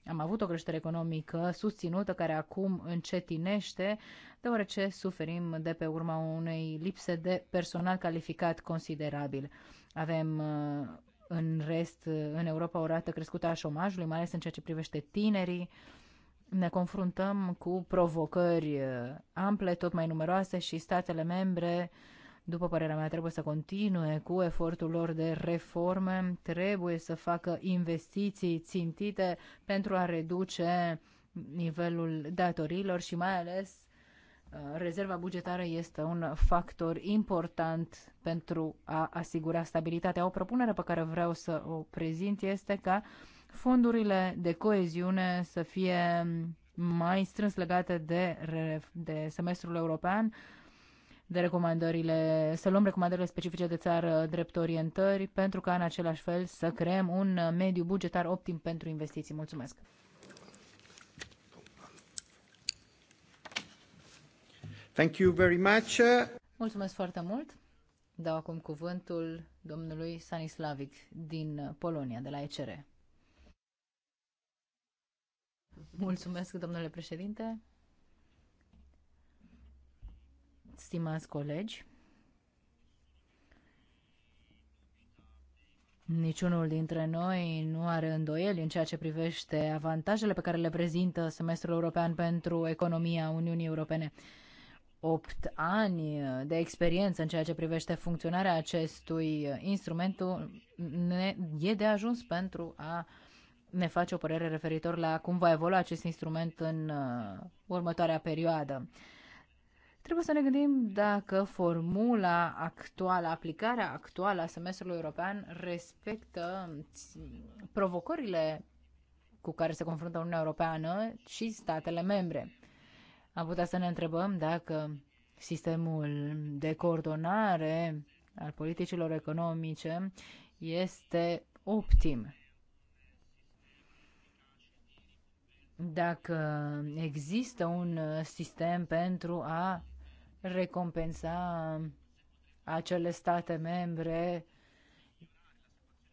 am avut o creștere economică susținută care acum încetinește, deoarece suferim de pe urma unei lipse de personal calificat considerabil. Avem în rest, în Europa, o rată crescută a șomajului, mai ales în ceea ce privește tinerii, ne confruntăm cu provocări uh, ample, tot mai numeroase și statele membre, după părerea mea, trebuie să continue cu efortul lor de reforme, trebuie să facă investiții țintite pentru a reduce nivelul datorilor și mai ales Uh, rezerva bugetară este un factor important pentru a asigura stabilitatea. O propunere pe care vreau să o prezint este ca fondurile de coeziune să fie mai strâns legate de, de semestrul european, de recomandările, să luăm recomandările specifice de țară drept orientări, pentru ca în același fel să creăm un mediu bugetar optim pentru investiții. Mulțumesc! Thank you very much. Mulțumesc foarte mult. Dau acum cuvântul domnului Stanislavic din Polonia, de la ECR. Mulțumesc, domnule președinte. Stimați colegi, Niciunul dintre noi nu are îndoieli în ceea ce privește avantajele pe care le prezintă semestrul european pentru economia Uniunii Europene. 8 ani de experiență în ceea ce privește funcționarea acestui instrument e de ajuns pentru a ne face o părere referitor la cum va evolua acest instrument în uh, următoarea perioadă. Trebuie să ne gândim dacă formula actuală, aplicarea actuală a semestrului european respectă uh, provocările cu care se confruntă Uniunea Europeană și statele membre am putea să ne întrebăm dacă sistemul de coordonare al politicilor economice este optim. Dacă există un sistem pentru a recompensa acele state membre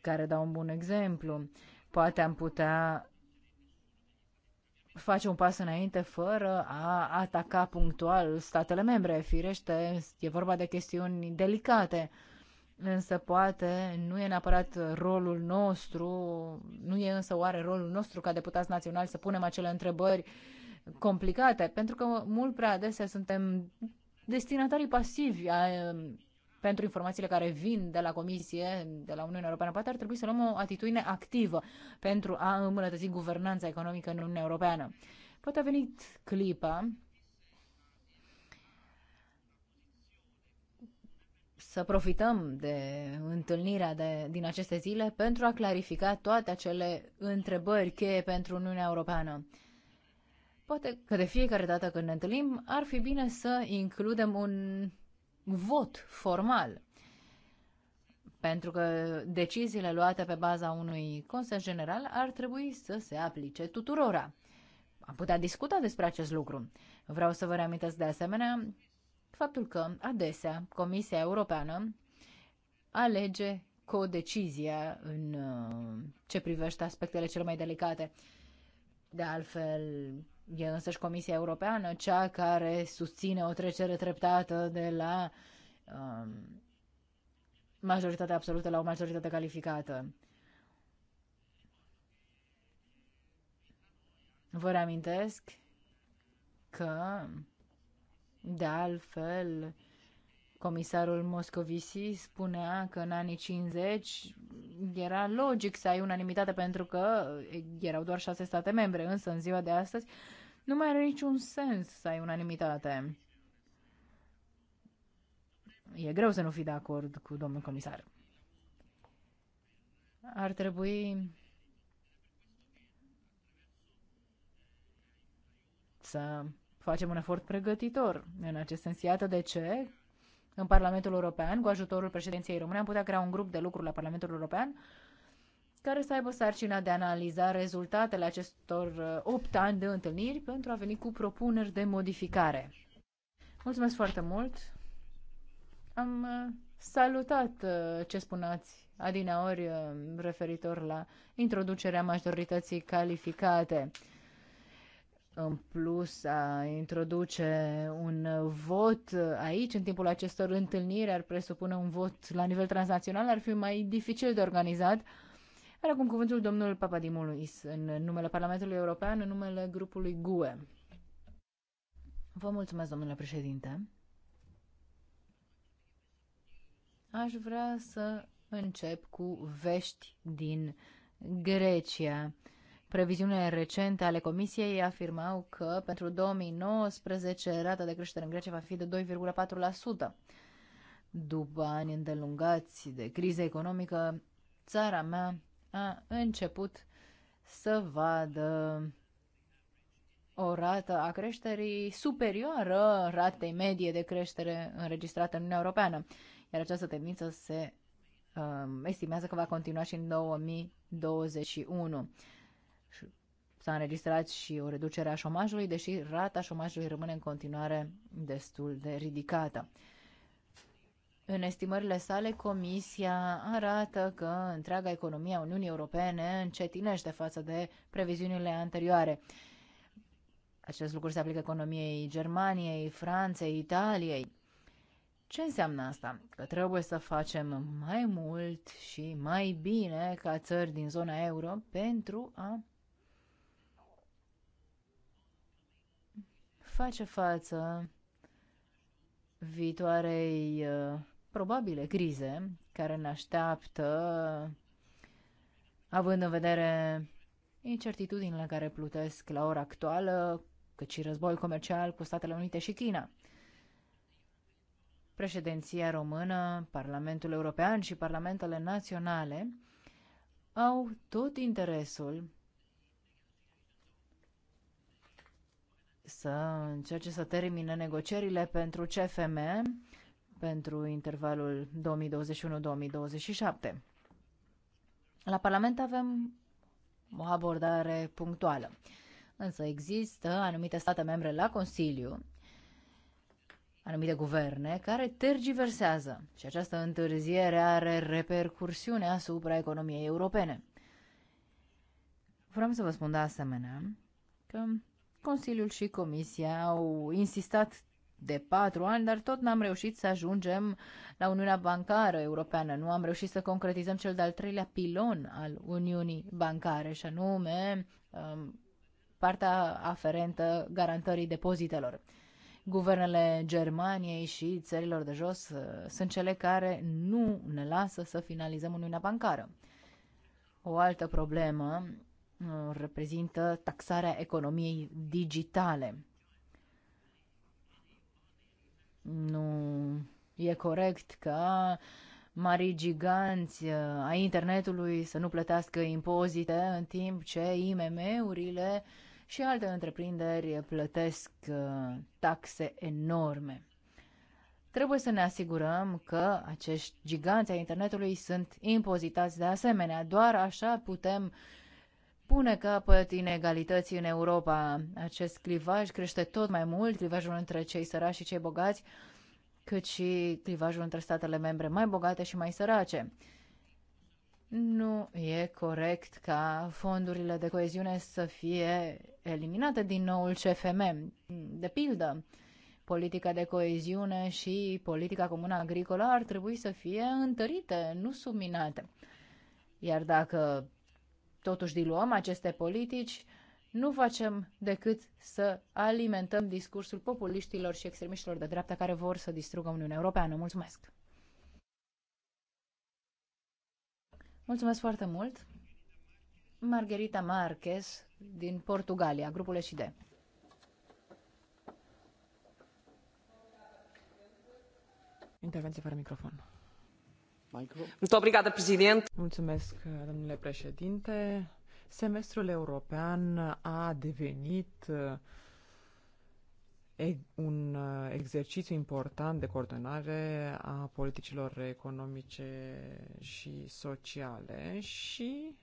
care dau un bun exemplu, poate am putea face un pas înainte fără a ataca punctual statele membre. Firește, e vorba de chestiuni delicate, însă poate nu e neapărat rolul nostru, nu e însă oare rolul nostru ca deputați naționali să punem acele întrebări complicate, pentru că mult prea adesea suntem destinatarii pasivi a pentru informațiile care vin de la Comisie, de la Uniunea Europeană. Poate ar trebui să luăm o atitudine activă pentru a îmbunătăți guvernanța economică în Uniunea Europeană. Poate a venit clipa să profităm de întâlnirea de, din aceste zile pentru a clarifica toate acele întrebări cheie pentru Uniunea Europeană. Poate că de fiecare dată când ne întâlnim, ar fi bine să includem un vot formal. Pentru că deciziile luate pe baza unui consens general ar trebui să se aplice tuturora. Am putea discuta despre acest lucru. Vreau să vă reamintesc de asemenea faptul că adesea Comisia Europeană alege codecizia în uh, ce privește aspectele cele mai delicate. De altfel, E însăși Comisia Europeană cea care susține o trecere treptată de la um, majoritate absolută la o majoritate calificată. Vă reamintesc că, de altfel, comisarul Moscovici spunea că în anii 50 era logic să ai unanimitate pentru că erau doar șase state membre, însă în ziua de astăzi nu mai are niciun sens să ai unanimitate. E greu să nu fii de acord cu domnul comisar. Ar trebui să facem un efort pregătitor în acest sens. Iată de ce în Parlamentul European, cu ajutorul președinției române, am putea crea un grup de lucru la Parlamentul European care să aibă sarcina de a analiza rezultatele acestor 8 uh, ani de întâlniri pentru a veni cu propuneri de modificare. Mulțumesc foarte mult! Am uh, salutat uh, ce spuneați ori referitor la introducerea majorității calificate. În plus, a introduce un vot aici, în timpul acestor întâlniri, ar presupune un vot la nivel transnațional, ar fi mai dificil de organizat are acum cuvântul domnul Papadimoulis în numele Parlamentului European, în numele grupului GUE. Vă mulțumesc, domnule președinte. Aș vrea să încep cu vești din Grecia. Previziunile recente ale Comisiei afirmau că pentru 2019 rata de creștere în Grecia va fi de 2,4%. După ani îndelungați de criză economică, țara mea a început să vadă o rată a creșterii superioară ratei medie de creștere înregistrată în Uniunea Europeană, iar această tendință se um, estimează că va continua și în 2021. S-a înregistrat și o reducere a șomajului, deși rata șomajului rămâne în continuare destul de ridicată. În estimările sale, Comisia arată că întreaga economie a Uniunii Europene încetinește față de previziunile anterioare. Acest lucru se aplică economiei Germaniei, Franței, Italiei. Ce înseamnă asta? Că trebuie să facem mai mult și mai bine ca țări din zona euro pentru a face față viitoarei uh, probabile crize care ne așteaptă, având în vedere incertitudinile care plutesc la ora actuală, cât și războiul comercial cu Statele Unite și China. Președinția română, Parlamentul European și Parlamentele naționale au tot interesul să încerce să termine negocierile pentru CFM pentru intervalul 2021-2027. La Parlament avem o abordare punctuală, însă există anumite state membre la Consiliu, anumite guverne, care tergiversează și această întârziere are repercursiune asupra economiei europene. Vreau să vă spun de asemenea că Consiliul și Comisia au insistat de patru ani, dar tot n-am reușit să ajungem la Uniunea Bancară Europeană. Nu am reușit să concretizăm cel de-al treilea pilon al Uniunii Bancare, și anume um, partea aferentă garantării depozitelor. Guvernele Germaniei și țărilor de jos uh, sunt cele care nu ne lasă să finalizăm Uniunea Bancară. O altă problemă uh, reprezintă taxarea economiei digitale nu e corect ca mari giganți uh, a internetului să nu plătească impozite în timp ce IMM-urile și alte întreprinderi plătesc uh, taxe enorme. Trebuie să ne asigurăm că acești giganți ai internetului sunt impozitați de asemenea. Doar așa putem pune capăt inegalității în Europa. Acest clivaj crește tot mai mult, clivajul între cei săraci și cei bogați, cât și clivajul între statele membre mai bogate și mai sărace. Nu e corect ca fondurile de coeziune să fie eliminate din noul CFM. De pildă, politica de coeziune și politica comună agricolă ar trebui să fie întărite, nu subminate. Iar dacă totuși diluăm aceste politici, nu facem decât să alimentăm discursul populiștilor și extremiștilor de dreapta care vor să distrugă Uniunea Europeană. Mulțumesc! Mulțumesc foarte mult! Margherita Marques din Portugalia, grupul SID. Intervenție fără microfon. Mulțumesc, domnule președinte. Semestrul european a devenit eh, un eh, exercițiu important de coordonare a politicilor economice și sociale și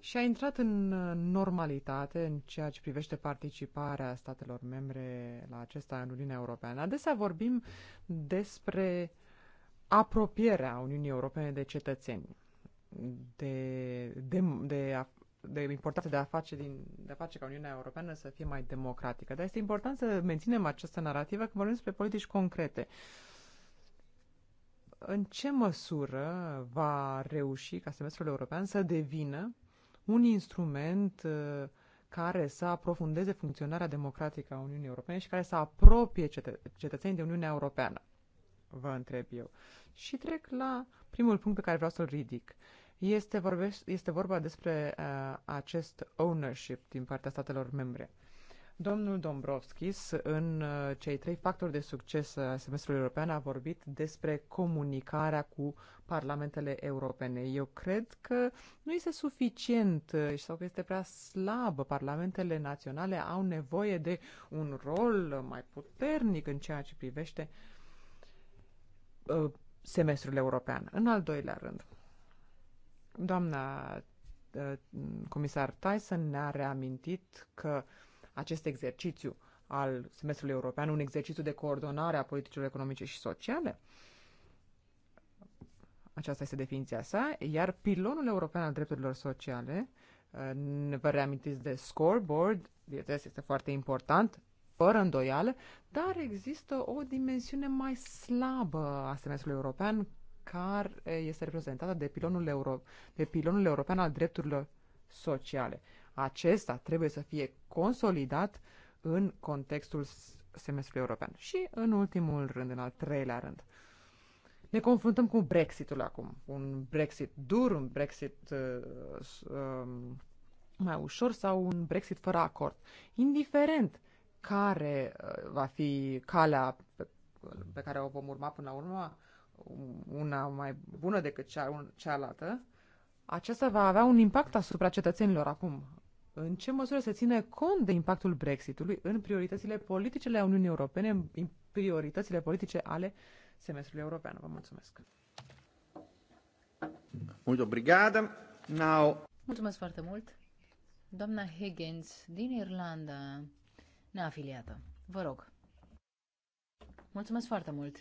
și a intrat în eh, normalitate în ceea ce privește participarea statelor membre la acesta în Uniunea Europeană. Adesea vorbim despre apropierea Uniunii Europene de cetățeni, de, de, de, de importanță de a, face din, de a face ca Uniunea Europeană să fie mai democratică. Dar este important să menținem această narrativă când vorbim despre politici concrete. În ce măsură va reuși ca semestrul european să devină un instrument uh, care să aprofundeze funcționarea democratică a Uniunii Europene și care să apropie cetă- cetățenii de Uniunea Europeană vă întreb eu. Și trec la primul punct pe care vreau să-l ridic. Este, vorbesc, este vorba despre uh, acest ownership din partea statelor membre. Domnul Dombrovskis, în uh, cei trei factori de succes a semestrului european, a vorbit despre comunicarea cu parlamentele europene. Eu cred că nu este suficient uh, sau că este prea slabă. Parlamentele naționale au nevoie de un rol mai puternic în ceea ce privește uh, Uh, semestrul european. În al doilea rând, doamna uh, comisar Tyson ne-a reamintit că acest exercițiu al semestrului european, un exercițiu de coordonare a politicilor economice și sociale, aceasta este definiția sa, iar pilonul european al drepturilor sociale, uh, vă reamintiți de scoreboard, este foarte important, fără îndoială, dar există o dimensiune mai slabă a semestrului european care este reprezentată de pilonul, euro, de pilonul european al drepturilor sociale. Acesta trebuie să fie consolidat în contextul semestrului european. Și în ultimul rând, în al treilea rând, ne confruntăm cu Brexitul acum. Un Brexit dur, un Brexit uh, uh, mai ușor sau un Brexit fără acord. Indiferent care uh, va fi calea pe, pe care o vom urma până la urmă, una mai bună decât cea, cealaltă, aceasta va avea un impact asupra cetățenilor acum. În ce măsură se ține cont de impactul Brexitului în prioritățile politice ale Uniunii Europene, în prioritățile politice ale semestrului european? Vă mulțumesc! Mult obrigada! Now... Mulțumesc foarte mult! Doamna Higgins din Irlanda neafiliată. Vă rog. Mulțumesc foarte mult.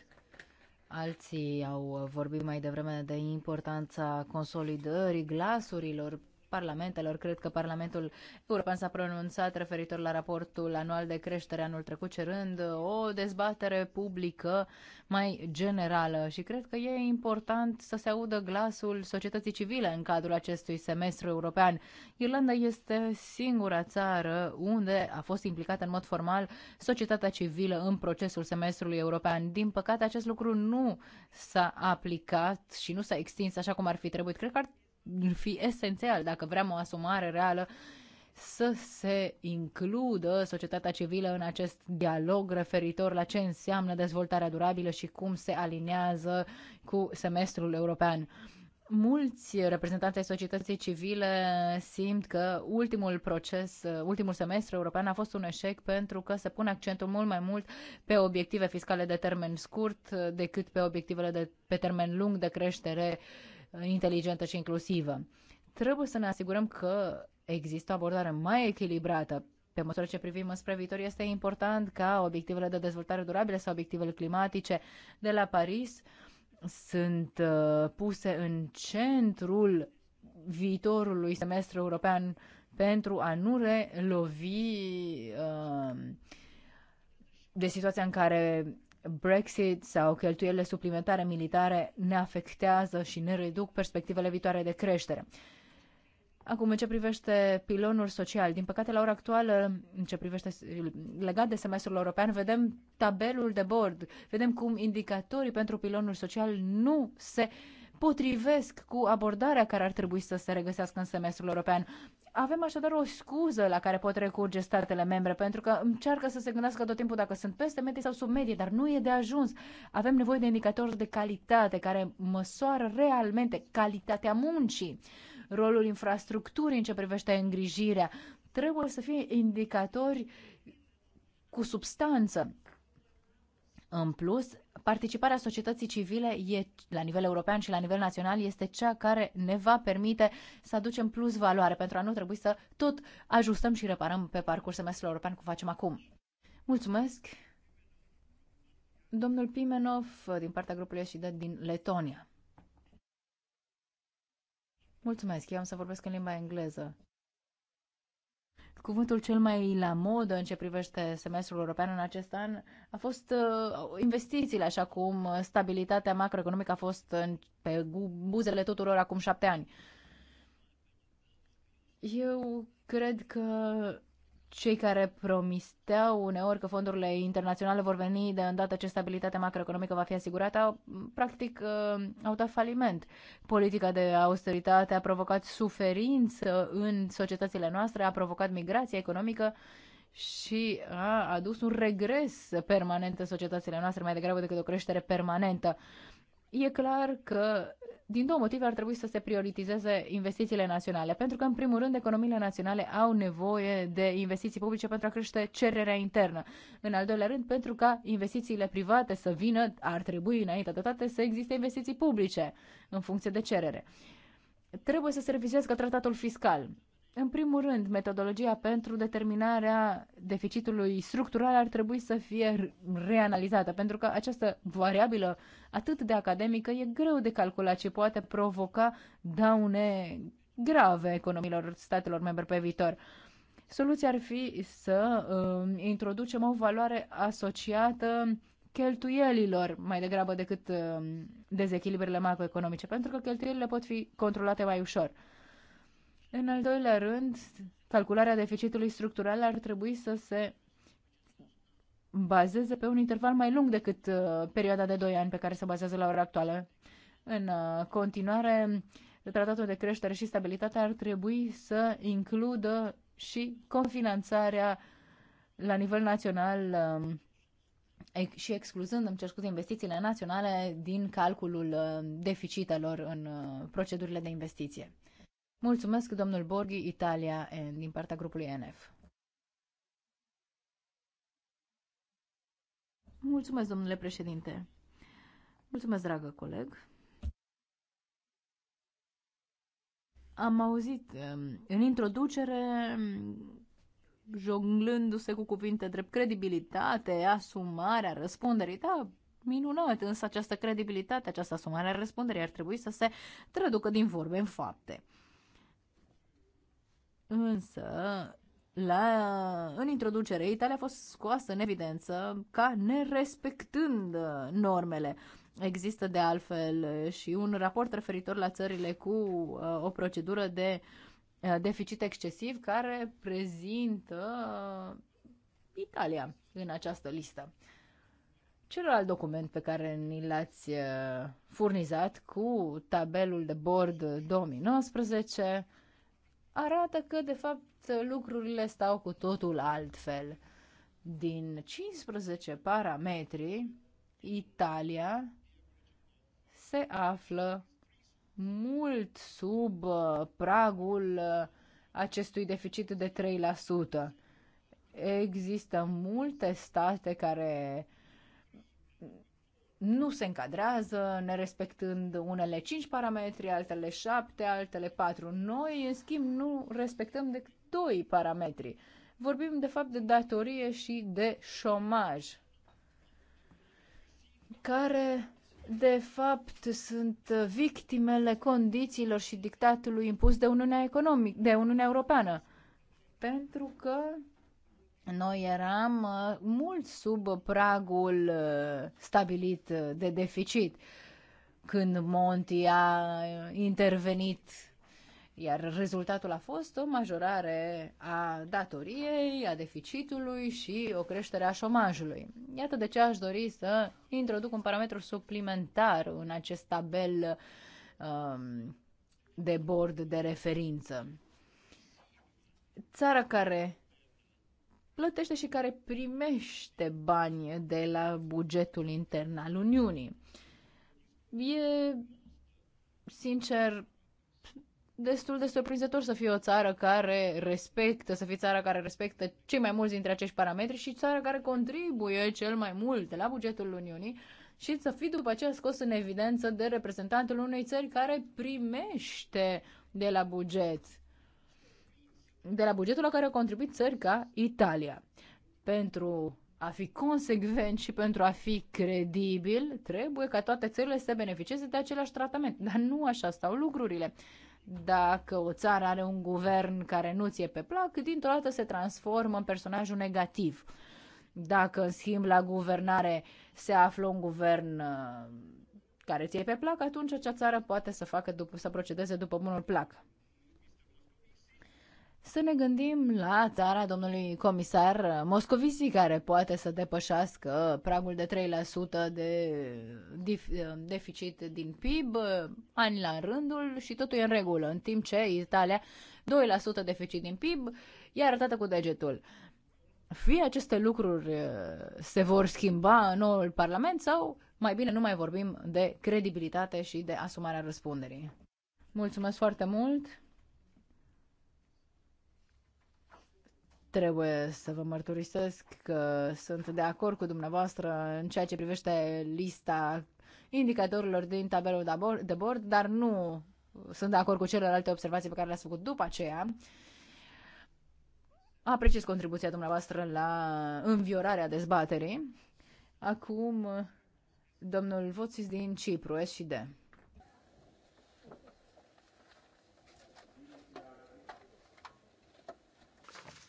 Alții au vorbit mai devreme de importanța consolidării glasurilor parlamentelor. Cred că Parlamentul European s-a pronunțat referitor la raportul anual de creștere anul trecut, cerând o dezbatere publică mai generală și cred că e important să se audă glasul societății civile în cadrul acestui semestru european. Irlanda este singura țară unde a fost implicată în mod formal societatea civilă în procesul semestrului european. Din păcate, acest lucru nu s-a aplicat și nu s-a extins așa cum ar fi trebuit. Cred că ar fi esențial dacă vrem o asumare reală să se includă societatea civilă în acest dialog referitor la ce înseamnă dezvoltarea durabilă și cum se aliniază cu semestrul european. Mulți reprezentanți ai societății civile simt că ultimul proces, ultimul semestru european a fost un eșec pentru că se pune accentul mult mai mult pe obiective fiscale de termen scurt decât pe obiectivele de, pe termen lung de creștere inteligentă și inclusivă. Trebuie să ne asigurăm că există o abordare mai echilibrată pe măsură ce privim înspre viitor, este important ca obiectivele de dezvoltare durabilă sau obiectivele climatice de la Paris sunt uh, puse în centrul viitorului semestru european pentru a nu relovi uh, de situația în care Brexit sau cheltuielile suplimentare militare ne afectează și ne reduc perspectivele viitoare de creștere. Acum, în ce privește pilonul social, din păcate, la ora actuală, în ce privește legat de semestrul european, vedem tabelul de bord, vedem cum indicatorii pentru pilonul social nu se potrivesc cu abordarea care ar trebui să se regăsească în semestrul european. Avem așadar o scuză la care pot recurge statele membre, pentru că încearcă să se gândească tot timpul dacă sunt peste medie sau sub medie, dar nu e de ajuns. Avem nevoie de indicatori de calitate care măsoară realmente calitatea muncii, rolul infrastructurii în ce privește îngrijirea. Trebuie să fie indicatori cu substanță. În plus, participarea societății civile e, la nivel european și la nivel național este cea care ne va permite să aducem plus valoare pentru a nu trebui să tot ajustăm și reparăm pe parcurs semestrul european cum facem acum. Mulțumesc! Domnul Pimenov din partea grupului SID din Letonia. Mulțumesc, eu am să vorbesc în limba engleză cuvântul cel mai la modă în ce privește semestrul european în acest an a fost uh, investițiile, așa cum uh, stabilitatea macroeconomică a fost în, pe buzele tuturor acum șapte ani. Eu cred că cei care promisteau uneori că fondurile internaționale vor veni de îndată ce stabilitatea macroeconomică va fi asigurată, practic uh, au dat faliment. Politica de austeritate a provocat suferință în societățile noastre, a provocat migrație economică și a adus un regres permanent în societățile noastre, mai degrabă decât o creștere permanentă. E clar că din două motive ar trebui să se prioritizeze investițiile naționale, pentru că, în primul rând, economiile naționale au nevoie de investiții publice pentru a crește cererea internă. În al doilea rând, pentru ca investițiile private să vină, ar trebui, înainte de toate, să existe investiții publice în funcție de cerere. Trebuie să se revizuiască tratatul fiscal. În primul rând, metodologia pentru determinarea deficitului structural ar trebui să fie reanalizată, pentru că această variabilă atât de academică e greu de calculat și poate provoca daune grave economiilor statelor membre pe viitor. Soluția ar fi să uh, introducem o valoare asociată cheltuielilor mai degrabă decât uh, dezechilibrele macroeconomice, pentru că cheltuielile pot fi controlate mai ușor. În al doilea rând, calcularea deficitului structural ar trebui să se bazeze pe un interval mai lung decât uh, perioada de 2 ani pe care se bazează la ora actuală. În uh, continuare, tratatul de creștere și stabilitate ar trebui să includă și cofinanțarea la nivel național um, și excluzând, îmi cer scuze, investițiile naționale din calculul um, deficitelor în uh, procedurile de investiție. Mulțumesc, domnul Borghi, Italia, eh, din partea grupului NF. Mulțumesc, domnule președinte. Mulțumesc, dragă coleg. Am auzit în introducere, jonglându-se cu cuvinte drept credibilitate, asumarea răspunderii. Da, minunat, însă această credibilitate, această asumare a răspunderii ar trebui să se traducă din vorbe în fapte. Însă, la, în introducere, Italia a fost scoasă în evidență ca nerespectând uh, normele. Există de altfel și un raport referitor la țările cu uh, o procedură de uh, deficit excesiv care prezintă Italia în această listă. Celălalt document pe care ni l-ați furnizat cu tabelul de bord 2019 arată că, de fapt, lucrurile stau cu totul altfel. Din 15 parametri, Italia se află mult sub uh, pragul uh, acestui deficit de 3%. Există multe state care uh, nu se încadrează, ne respectând unele 5 parametri, altele 7, altele 4. Noi, în schimb, nu respectăm decât 2 parametri. Vorbim, de fapt, de datorie și de șomaj, care, de fapt, sunt victimele condițiilor și dictatului impus de Uniunea, Economic, de Uniunea Europeană. Pentru că noi eram uh, mult sub pragul uh, stabilit de deficit când Monti a uh, intervenit iar rezultatul a fost o majorare a datoriei, a deficitului și o creștere a șomajului. Iată de ce aș dori să introduc un parametru suplimentar în acest tabel um, de bord de referință. Țara care plătește și care primește bani de la bugetul intern al Uniunii. E, sincer, destul de surprinzător să fie o țară care respectă, să fie țara care respectă cei mai mulți dintre acești parametri și țara care contribuie cel mai mult la bugetul Uniunii și să fii după aceea scos în evidență de reprezentantul unei țări care primește de la buget de la bugetul la care au contribuit țări ca Italia. Pentru a fi consecvent și pentru a fi credibil, trebuie ca toate țările să beneficieze de același tratament. Dar nu așa stau lucrurile. Dacă o țară are un guvern care nu ți-e pe plac, dintr-o dată se transformă în personajul negativ. Dacă, în schimb, la guvernare se află un guvern uh, care ți-e pe plac, atunci acea țară poate să, facă după, să procedeze după bunul plac să ne gândim la țara domnului comisar Moscovici, care poate să depășească pragul de 3% de deficit din PIB ani la rândul și totul e în regulă, în timp ce Italia 2% deficit din PIB i-a arătată cu degetul. Fie aceste lucruri uh, se vor schimba în noul Parlament sau mai bine nu mai vorbim de credibilitate și de asumarea răspunderii. Mulțumesc foarte mult! Trebuie să vă mărturisesc că sunt de acord cu dumneavoastră în ceea ce privește lista indicatorilor din tabelul de bord, dar nu sunt de acord cu celelalte observații pe care le-ați făcut după aceea. Apreciez contribuția dumneavoastră la înviorarea dezbaterii. Acum, domnul Voțis din Cipru, SD.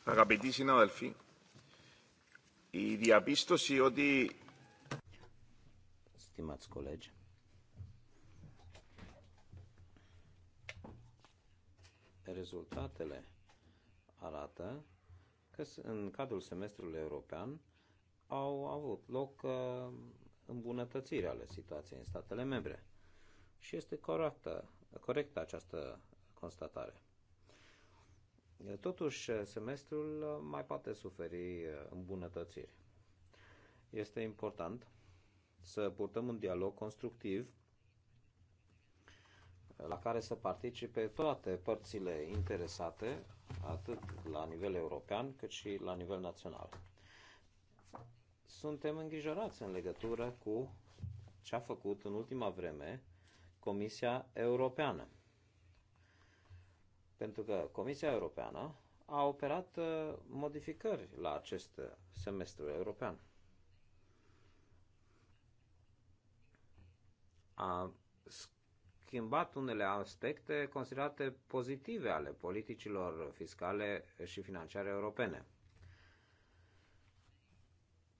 Αγαπητοί συνάδελφοι, η διαπίστωση ότι... Stimați colegi, rezultatele arată că în cadrul semestrului european au avut loc uh, îmbunătățiri ale situației în statele membre. Și este corectă, corectă această constatare. Totuși, semestrul mai poate suferi uh, îmbunătățiri. Este important să purtăm un dialog constructiv uh, la care să participe toate părțile interesate, atât la nivel european cât și la nivel național. Suntem îngrijorați în legătură cu ce a făcut în ultima vreme Comisia Europeană pentru că Comisia Europeană a operat uh, modificări la acest semestru european. A schimbat unele aspecte considerate pozitive ale politicilor fiscale și financiare europene.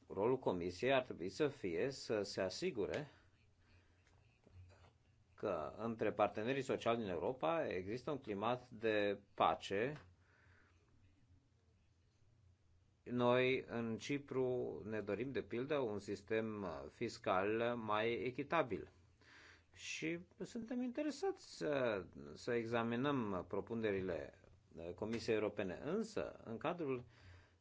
Rolul Comisiei ar trebui să fie să se asigure că între partenerii sociali din Europa există un climat de pace. Noi, în Cipru, ne dorim, de pildă, un sistem fiscal mai echitabil. Și suntem interesați să, să examinăm propunerile Comisiei Europene. Însă, în cadrul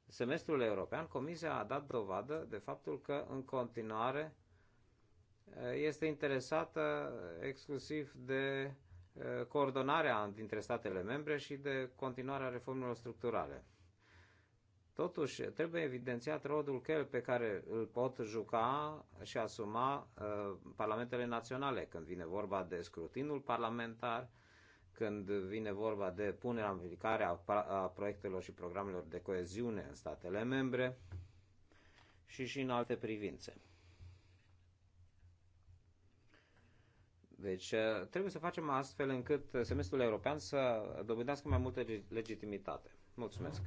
semestrului european, Comisia a dat dovadă de faptul că, în continuare, Uh, este interesată exclusiv de uh, coordonarea dintre statele membre și de continuarea reformelor structurale. Totuși, trebuie evidențiat rolul cel pe care îl pot juca și asuma uh, parlamentele naționale când vine vorba de scrutinul parlamentar, când vine vorba de punerea în aplicare a, a proiectelor și programelor de coeziune în statele membre și și în alte privințe. Deci uh, trebuie să facem astfel încât semestrul european să dobândească mai multă legitimitate. Mulțumesc.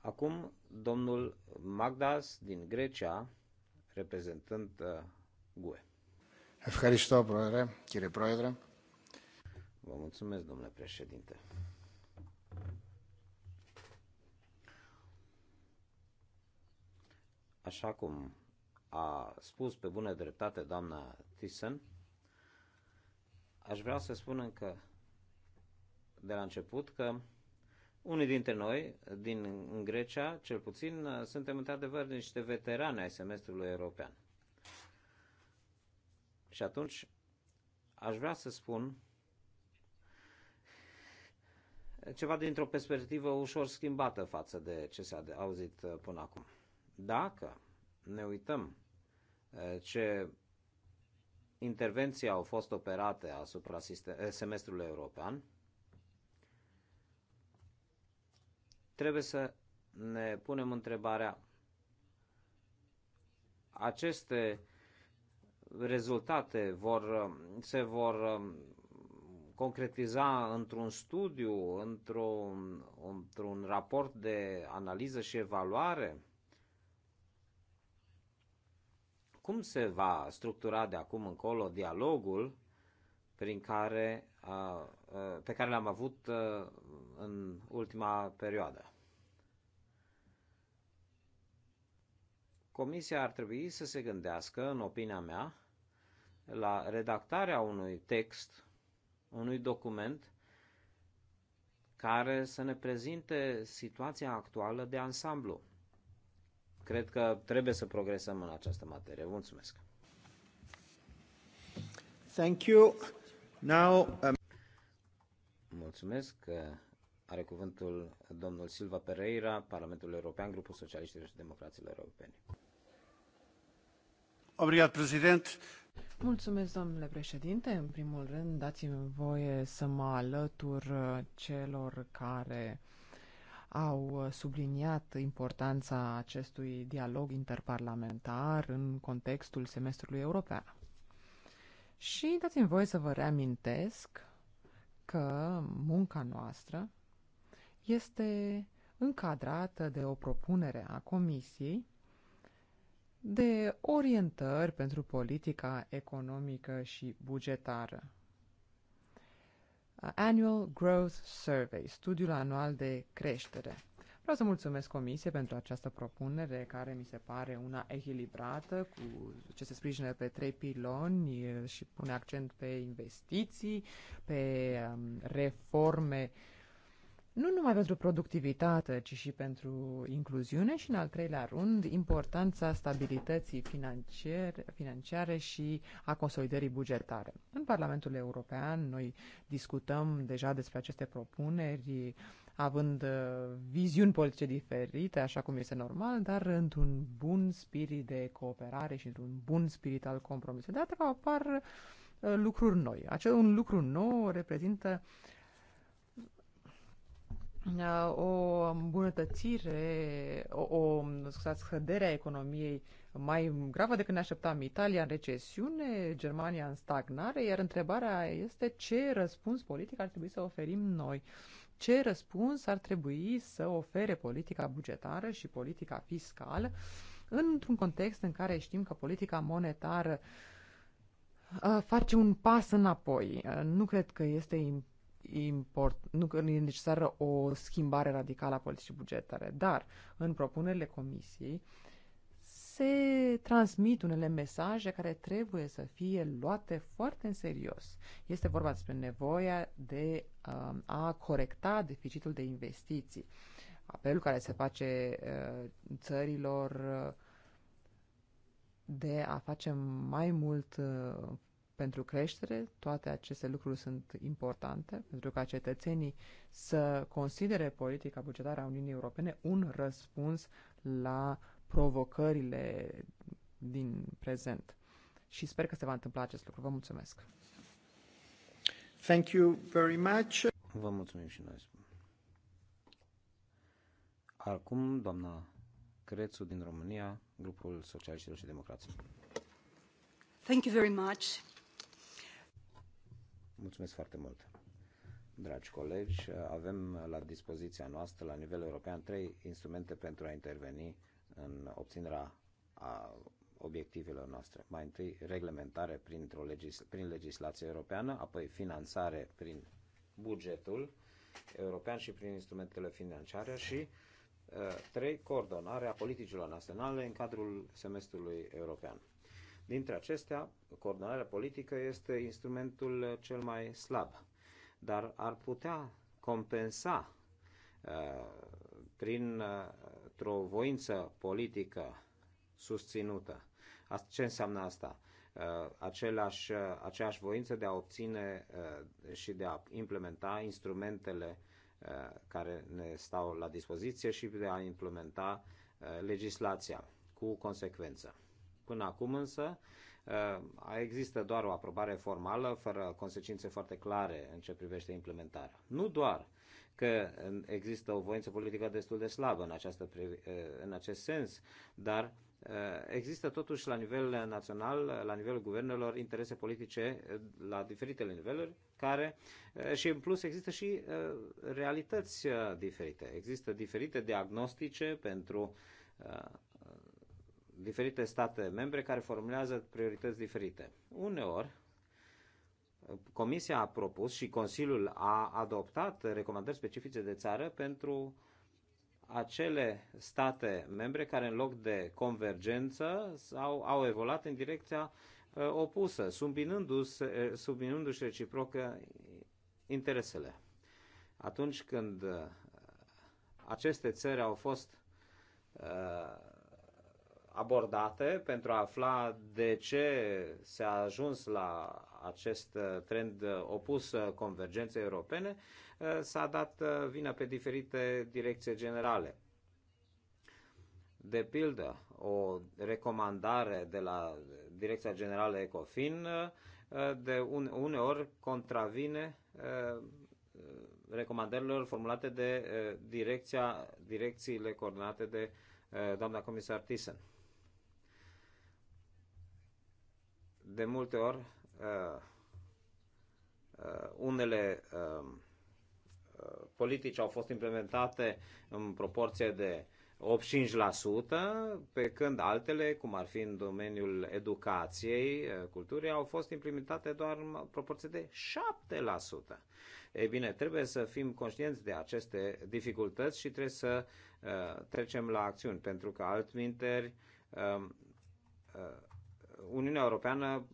Acum domnul Magdas din Grecia, reprezentând uh, GUE. Ευχαριστώ, Πρόεδρε, κύριε Πρόεδρε. Vă mulțumesc, domnule președinte. Așa cum a spus pe bună dreptate doamna Thyssen, Aș vrea să spun încă de la început că unii dintre noi, din Grecia, cel puțin, suntem într-adevăr niște veterani ai semestrului european. Și atunci aș vrea să spun ceva dintr-o perspectivă ușor schimbată față de ce s-a auzit până acum. Dacă ne uităm eh, ce intervenții au fost operate asupra eh, semestrului european, trebuie să ne punem întrebarea aceste rezultate vor, se vor um, concretiza într-un studiu, într-un, într-un raport de analiză și evaluare Cum se va structura de acum încolo dialogul prin care, pe care l-am avut în ultima perioadă? Comisia ar trebui să se gândească, în opinia mea, la redactarea unui text, unui document care să ne prezinte situația actuală de ansamblu cred că trebuie să progresăm în această materie. Mulțumesc! Thank you. Now, um... Mulțumesc. Are cuvântul domnul Silva Pereira, Parlamentul European, Grupul Socialiștilor și Democraților Europene. Obrigat, Mulțumesc, domnule președinte. În primul rând, dați-mi voie să mă alătur celor care au uh, subliniat importanța acestui dialog interparlamentar în contextul semestrului european. Și dați-mi voie să vă reamintesc că munca noastră este încadrată de o propunere a Comisiei de orientări pentru politica economică și bugetară Annual Growth Survey, studiul anual de creștere. Vreau să mulțumesc Comisie pentru această propunere care mi se pare una echilibrată, cu ce se sprijină pe trei piloni și pune accent pe investiții, pe um, reforme uh, nu numai pentru productivitate, ci și pentru incluziune și, în al treilea rând, importanța stabilității financiare, și a consolidării bugetare. În Parlamentul European noi discutăm deja despre aceste propuneri, având uh, viziuni politice diferite, așa cum este normal, dar într-un bun spirit de cooperare și într-un bun spirit al compromisului. De apar uh, lucruri noi. Acel un lucru nou reprezintă uh, Uh, o îmbunătățire, o, o scuzați, scădere a economiei mai gravă decât ne așteptam. Italia în recesiune, Germania în stagnare, iar întrebarea este ce răspuns politic ar trebui să oferim noi. Ce răspuns ar trebui să ofere politica bugetară și politica fiscală într-un context în care știm că politica monetară uh, face un pas înapoi. Uh, nu cred că este import, nu că e necesară o schimbare radicală a politicii bugetare, dar în propunerile comisiei se transmit unele mesaje care trebuie să fie luate foarte în serios. Este vorba despre nevoia de um, a corecta deficitul de investiții. Apelul care se face uh, țărilor uh, de a face mai mult uh, pentru creștere. Toate aceste lucruri sunt importante pentru ca cetățenii să considere politica bugetară a Uniunii Europene un răspuns la provocările din prezent. Și sper că se va întâmpla acest lucru. Vă mulțumesc! Thank you very much. Vă mulțumim și noi. Acum, doamna Crețu din România, grupul Socialiștilor și Democrații. Thank you very much. Mulțumesc foarte mult! Dragi colegi, avem la dispoziția noastră, la nivel european, trei instrumente pentru a interveni în obținerea a obiectivelor noastre. Mai întâi, reglementare printr-o legis- prin legislație europeană, apoi finanțare prin bugetul european și prin instrumentele financiare și, uh, trei, coordonarea politicilor naționale în cadrul semestrului european. Dintre acestea, coordonarea politică este instrumentul cel mai slab, dar ar putea compensa uh, prin uh, o voință politică susținută. Ce înseamnă asta? Uh, Aceleași, aceeași voință de a obține și de a implementa instrumentele care ne stau la dispoziție și de a implementa legislația cu consecvență. Până acum însă uh, există doar o aprobare formală, fără consecințe foarte clare în ce privește implementarea. Nu doar că există o voință politică destul de slabă în, această, uh, în acest sens, dar uh, Există totuși la nivel național, la nivelul guvernelor, interese politice la diferitele niveluri care și în plus există și realități diferite. Există diferite diagnostice pentru diferite state membre care formulează priorități diferite. Uneori, Comisia a propus și Consiliul a adoptat recomandări specifice de țară pentru acele state membre care în loc de convergență sau au evoluat în direcția uh, opusă, subminându-și, uh, subminându-și reciproc uh, interesele. Atunci când aceste țări au fost uh, abordate pentru a afla de ce s-a ajuns la acest uh, trend uh, opus uh, convergenței europene, s-a dat vina pe diferite direcții generale. De pildă, o recomandare de la Direcția Generală Ecofin de uneori contravine recomandărilor formulate de direcția, direcțiile coordonate de doamna comisar Thyssen. de multe ori uh, uh, unele um, uh, politici au fost implementate în proporție de 85%, pe când altele, cum ar fi în domeniul educației, uh, culturii, au fost implementate doar în proporție de 7%. Ei bine, trebuie să fim conștienți de aceste dificultăți și trebuie să uh, trecem la acțiuni, pentru că altminteri um, uh, uh, Uniunea Europeană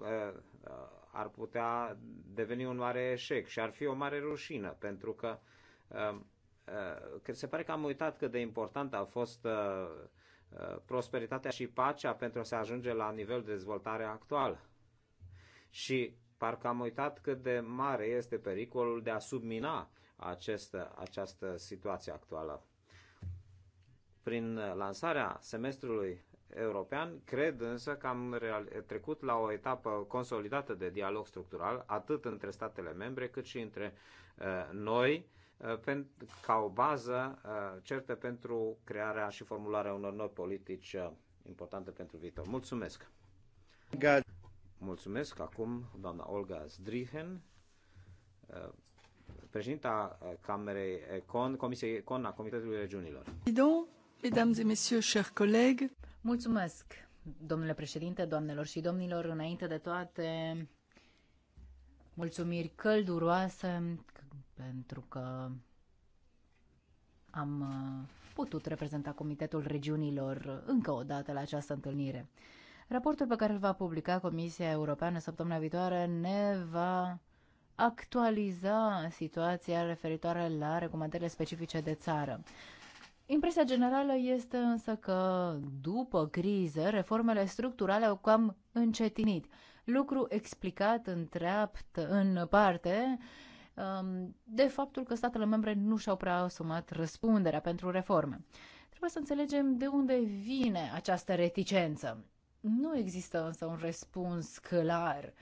ar putea deveni un mare eșec și ar fi o mare rușină, pentru că se pare că am uitat cât de important a fost prosperitatea și pacea pentru a se ajunge la nivelul de dezvoltare actual. Și parcă am uitat cât de mare este pericolul de a submina acest, această situație actuală. Prin lansarea semestrului european. Cred însă că am trecut la o etapă consolidată de dialog structural, atât între statele membre cât și între uh, noi, uh, ca o bază uh, certă pentru crearea și formularea unor noi politici importante pentru viitor. Mulțumesc! God. Mulțumesc acum doamna Olga Zdrihen, președinta Camerei Econ, Comisiei Econ a Comitetului Regiunilor. Mesdames et messieurs, chers collègues. Mulțumesc, domnule președinte, doamnelor și domnilor, înainte de toate, mulțumiri călduroase pentru că am uh, putut reprezenta Comitetul Regiunilor încă o dată la această întâlnire. Raportul pe care îl va publica Comisia Europeană săptămâna viitoare ne va actualiza situația referitoare la recomandările specifice de țară. Impresia generală este însă că, după criză, reformele structurale au cam încetinit. Lucru explicat în treapt, în parte, um, de faptul că statele membre nu și-au prea asumat răspunderea pentru reforme. Trebuie să înțelegem de unde vine această reticență. Nu există însă un răspuns clar.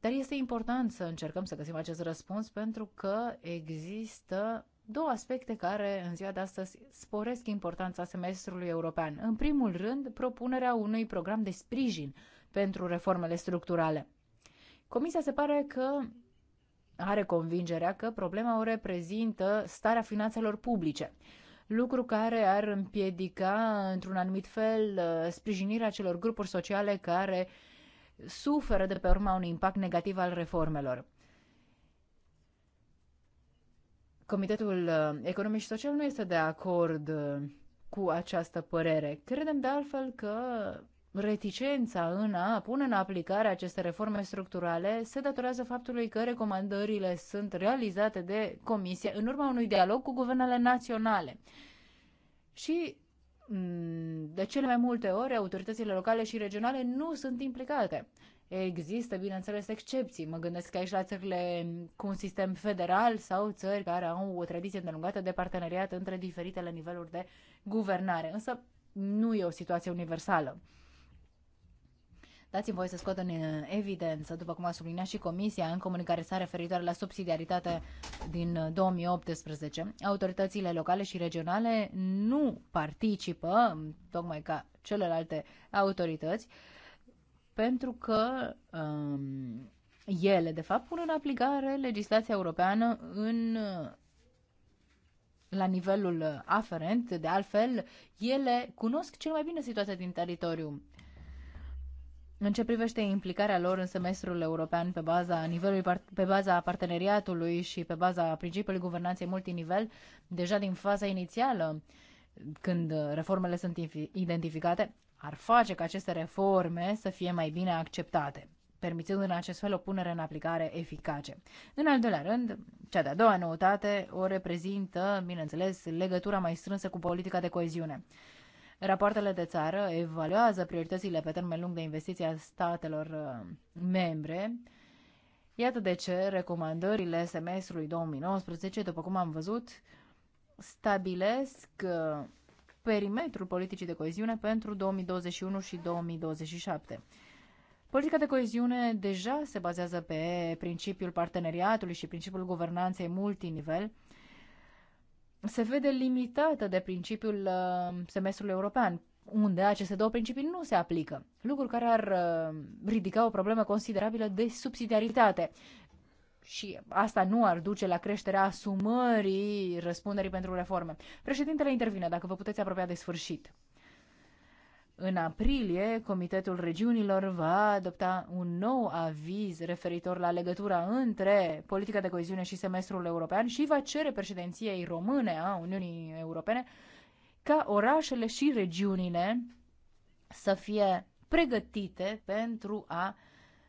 Dar este important să încercăm să găsim acest răspuns pentru că există două aspecte care în ziua de astăzi sporesc importanța semestrului european. În primul rând, propunerea unui program de sprijin pentru reformele structurale. Comisia se pare că are convingerea că problema o reprezintă starea finanțelor publice, lucru care ar împiedica, într-un anumit fel, uh, sprijinirea celor grupuri sociale care suferă de pe urma unui impact negativ al reformelor. Comitetul uh, Economic și Social nu este de acord uh, cu această părere. Credem de altfel că reticența în a pune în aplicare aceste reforme structurale se datorează faptului că recomandările sunt realizate de Comisie în urma unui dialog cu guvernele naționale. Și mm, de cele mai multe ori, autoritățile locale și regionale nu sunt implicate. Există, bineînțeles, excepții. Mă gândesc aici la țările cu un sistem federal sau țări care au o tradiție îndelungată de parteneriat între diferitele niveluri de guvernare. Însă nu e o situație universală. Dați-mi voie să scot în evidență, după cum a subliniat și Comisia în comunicare sa referitoare la subsidiaritate din 2018, autoritățile locale și regionale nu participă, tocmai ca celelalte autorități, pentru că um, ele, de fapt, pun în aplicare legislația europeană în la nivelul aferent, de altfel, ele cunosc cel mai bine situația din teritoriu. În ce privește implicarea lor în semestrul european pe baza nivelului, pe baza parteneriatului și pe baza principiului guvernanței multinivel, deja din faza inițială, uh, când uh, reformele sunt identificate, ar face ca aceste reforme să fie mai bine acceptate, permițând în acest fel o punere în aplicare eficace. În al doilea rând, cea de-a doua noutate o reprezintă, bineînțeles, legătura mai strânsă cu politica de coeziune. Rapoartele de țară evaluează prioritățile pe termen lung de investiții a statelor uh, membre. Iată de ce recomandările semestrului 2019, după cum am văzut, stabilesc uh, perimetrul politicii de coeziune pentru 2021 și 2027. Politica de coeziune deja se bazează pe principiul parteneriatului și principiul guvernanței multinivel. Se vede limitată de principiul uh, semestrului european, unde aceste două principii nu se aplică, lucru care ar uh, ridica o problemă considerabilă de subsidiaritate și asta nu ar duce la creșterea asumării răspunderii pentru reforme. Președintele intervine, dacă vă puteți apropia de sfârșit. În aprilie, Comitetul Regiunilor va adopta un nou aviz referitor la legătura între politica de coeziune și semestrul european și va cere președinției române a Uniunii Europene ca orașele și regiunile să fie pregătite pentru a uh,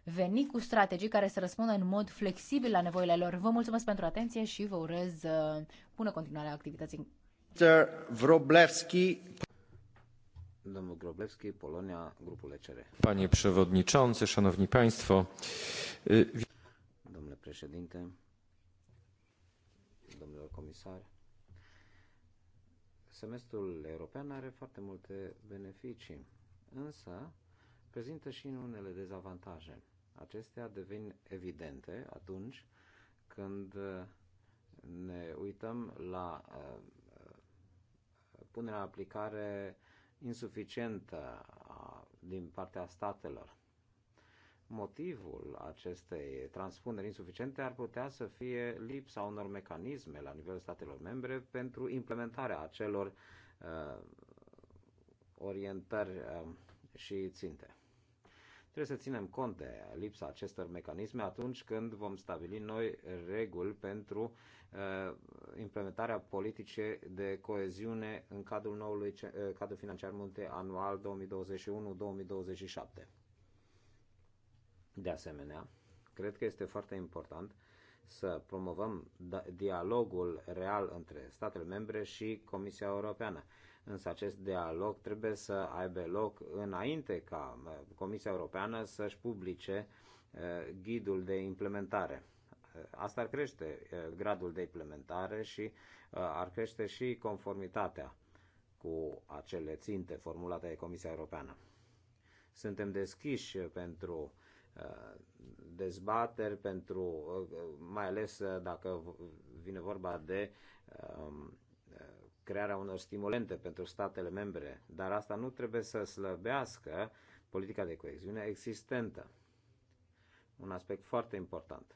veni cu strategii care să răspundă în mod flexibil la nevoile lor. Vă mulțumesc pentru atenție și vă urez uh, bună continuare a activității. Wroblewski. Domnul Groblewski, Polonia, grupul ECR. Panie Przewodniczący, Szanowni Państwo. Domnule președinte, domnilor comisari, semestrul european are foarte multe beneficii, însă prezintă și unele dezavantaje. Acestea devin evidente atunci când uh, ne uităm la uh, uh, punerea în aplicare insuficientă din partea statelor. Motivul acestei transpuneri insuficiente ar putea să fie lipsa unor mecanisme la nivelul statelor membre pentru implementarea acelor uh, orientări uh, și ținte. Trebuie să ținem cont de lipsa acestor mecanisme atunci când vom stabili noi reguli pentru uh, implementarea politicii de coeziune în cadrul noului uh, cadru financiar anual 2021-2027. De asemenea, cred că este foarte important să promovăm da, dialogul real între statele membre și Comisia Europeană Însă acest dialog trebuie să aibă loc înainte ca uh, Comisia Europeană să-și publice uh, ghidul de implementare. Uh, asta ar crește gradul de implementare și ar crește și conformitatea cu acele ținte formulate de Comisia Europeană. Suntem deschiși pentru dezbateri, pentru, mai ales dacă vine vorba de crearea unor stimulente pentru statele membre, dar asta nu trebuie să slăbească politica de coeziune existentă. Un aspect foarte important.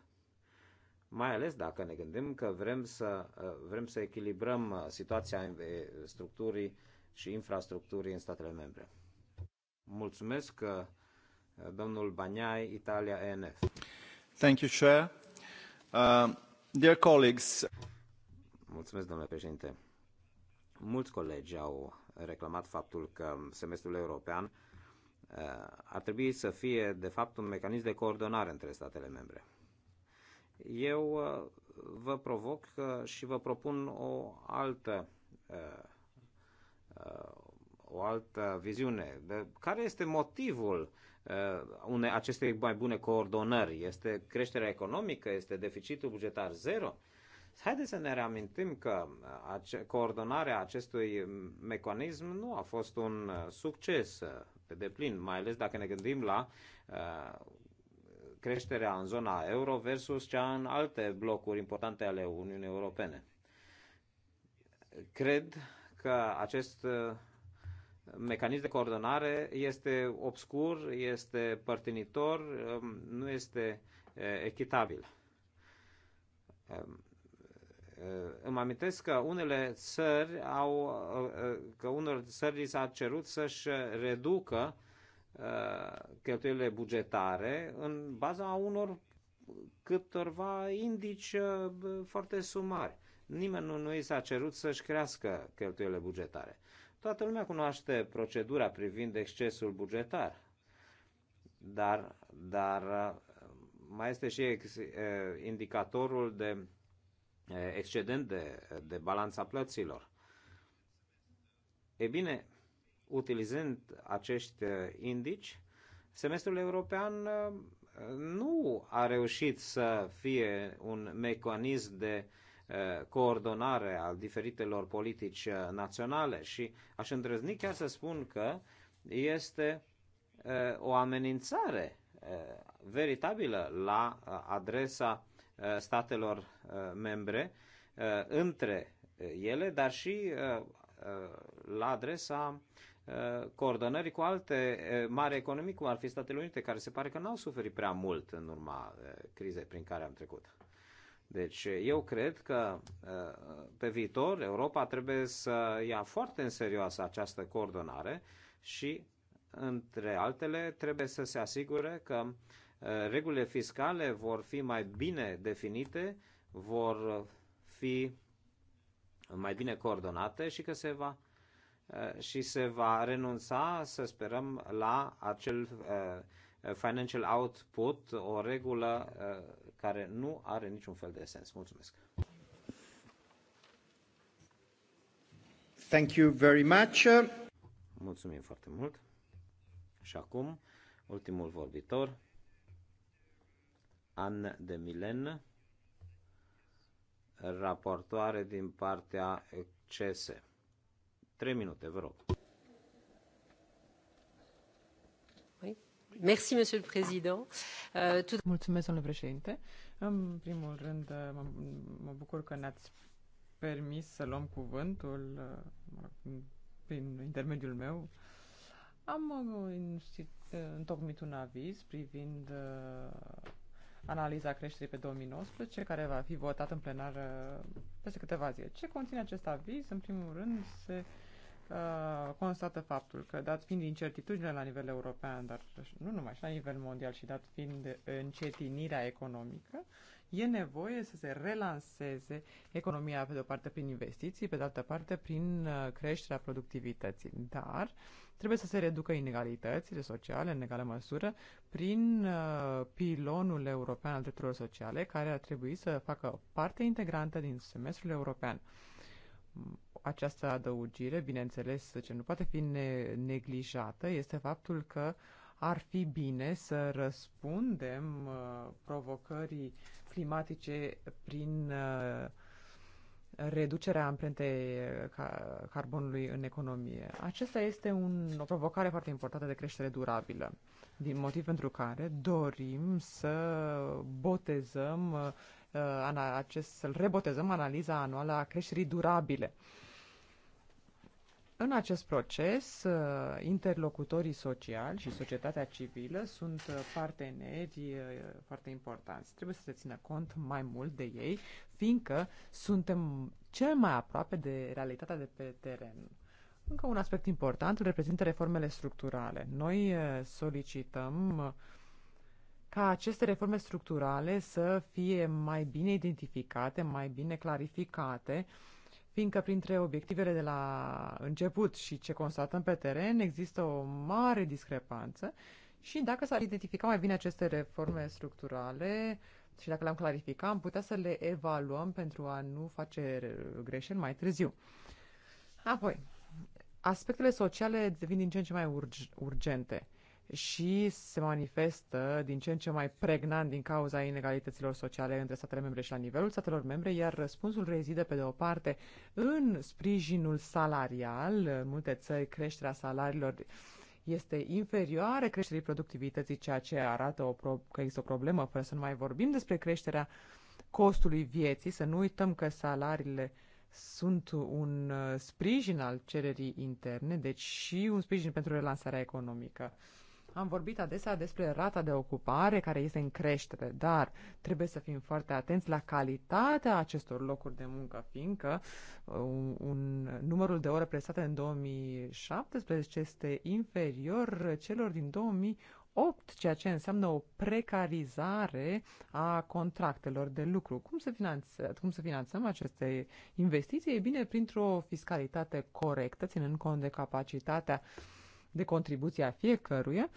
Mai ales dacă ne gândim că vrem să, uh, vrem să echilibrăm uh, situația uh, structurii și infrastructurii în statele membre. Mulțumesc, domnul Baniai, Italia ENF. Thank you, Chair. Uh, dear colleagues. Mulțumesc, domnule președinte Mulți colegi au reclamat faptul că semestrul european uh, ar trebui să fie, de fapt, un mecanism de coordonare între statele membre. Eu uh, vă provoc uh, și vă propun o altă o altă viziune. De care este motivul unei acestei mai bune coordonări? Este creșterea economică? Este deficitul bugetar zero? Haideți să ne reamintim că uh, coordonarea acestui mecanism nu a fost un uh, succes uh, pe deplin, mai ales dacă ne gândim la creșterea în zona euro versus cea în alte blocuri importante ale Uniunii Europene. Cred că acest mecanism de coordonare este obscur, este părtinitor, um, nu este echitabil. Um, îmi amintesc că unele țări au, că unor țări s-a cerut să-și reducă uh, cheltuielile bugetare în baza unor câtorva indici uh, foarte sumari. Nimeni nu, nu i s-a cerut să-și crească cheltuielile bugetare. Toată lumea cunoaște procedura privind excesul bugetar, dar, dar uh, mai este și indicatorul de excedent de, de balanța plăților. E bine, utilizând acești indici, semestrul european nu a reușit să fie un mecanism de coordonare al diferitelor politici naționale și aș îndrăzni chiar să spun că este o amenințare veritabilă la adresa Uh, statelor uh, membre uh, între ele, dar și la adresa coordonării cu alte mari economii, cum ar fi Statele Unite, care se pare că n-au suferit prea mult în urma crizei prin care am trecut. Deci eu cred că pe viitor Europa trebuie să ia foarte în serios această coordonare și, între altele, trebuie să se asigure că uh, Eh, regulile fiscale vor fi mai bine definite, vor fi mai bine coordonate și că se va eh, și se va renunța, să sperăm, la acel eh, financial output, o regulă care nu are niciun fel de sens. Mulțumesc! Thank you very much. Mulțumim foarte mult. Și acum, ultimul vorbitor, Anne de Milen, raportoare din partea CESE. Trei minute, vă rog. Euh, Mulțumesc, domnule președinte. În primul rând, uh, mă, mă bucur că ne-ați permis să luăm cuvântul uh, prin intermediul meu. Am uh, întocmit un aviz privind analiza creșterii pe 2019, care va fi votat în plenar peste câteva zile. Ce conține acest aviz? În primul rând, se uh, constată faptul că, dat fiind incertitudinile la nivel european, dar nu numai, și la nivel mondial, și dat fiind încetinirea economică, e nevoie să se relanseze economia, pe de o parte, prin investiții, pe de altă parte, prin uh, creșterea productivității. Dar, uh, Trebuie să se reducă inegalitățile sociale în egală măsură prin uh, pilonul european al drepturilor sociale, care ar trebui să facă parte integrantă din semestrul european. Această adăugire, bineînțeles, ce nu poate fi ne- neglijată, este faptul că ar fi bine să răspundem uh, provocării climatice prin uh, reducerea amprentei eh, carbonului în economie. Acesta este un, o provocare foarte importantă de creștere durabilă, din motiv pentru care dorim să botezăm, eh, acest, să-l rebotezăm analiza anuală a creșterii durabile. În acest proces, uh, interlocutorii sociali și societatea civilă sunt uh, parteneri uh, foarte importanți. Trebuie să se țină cont mai mult de ei, fiindcă suntem cel mai aproape de realitatea de pe teren. Încă un aspect important îl reprezintă reformele structurale. Noi solicităm ca aceste reforme structurale să fie mai bine identificate, mai bine clarificate, fiindcă printre obiectivele de la început și ce constatăm pe teren există o mare discrepanță și dacă s-ar identifica mai bine aceste reforme structurale și dacă le-am clarificat, am putea să le evaluăm pentru a nu face greșeli mai târziu. Apoi, aspectele sociale devin din ce în ce mai urg- urgente și se manifestă din ce în ce mai pregnant din cauza inegalităților sociale între statele membre și la nivelul statelor membre, iar răspunsul rezidă pe de o parte în sprijinul salarial. În multe țări creșterea salariilor este inferioară creșterii productivității, ceea ce arată o pro- că există o problemă, fără să nu mai vorbim despre creșterea costului vieții, să nu uităm că salariile sunt un uh, sprijin al cererii interne, deci și un sprijin pentru relansarea economică. Am vorbit adesea despre rata de ocupare care este în creștere, dar trebuie să fim foarte atenți la calitatea acestor locuri de muncă, fiindcă un, uh, un numărul de ore prestate în 2017 este inferior celor din 2008, ceea ce înseamnă o precarizare a contractelor de lucru. Cum să, finanță, cum să finanțăm aceste investiții? E bine, printr-o fiscalitate corectă, ținând cont de capacitatea uh, de contribuția fiecăruia,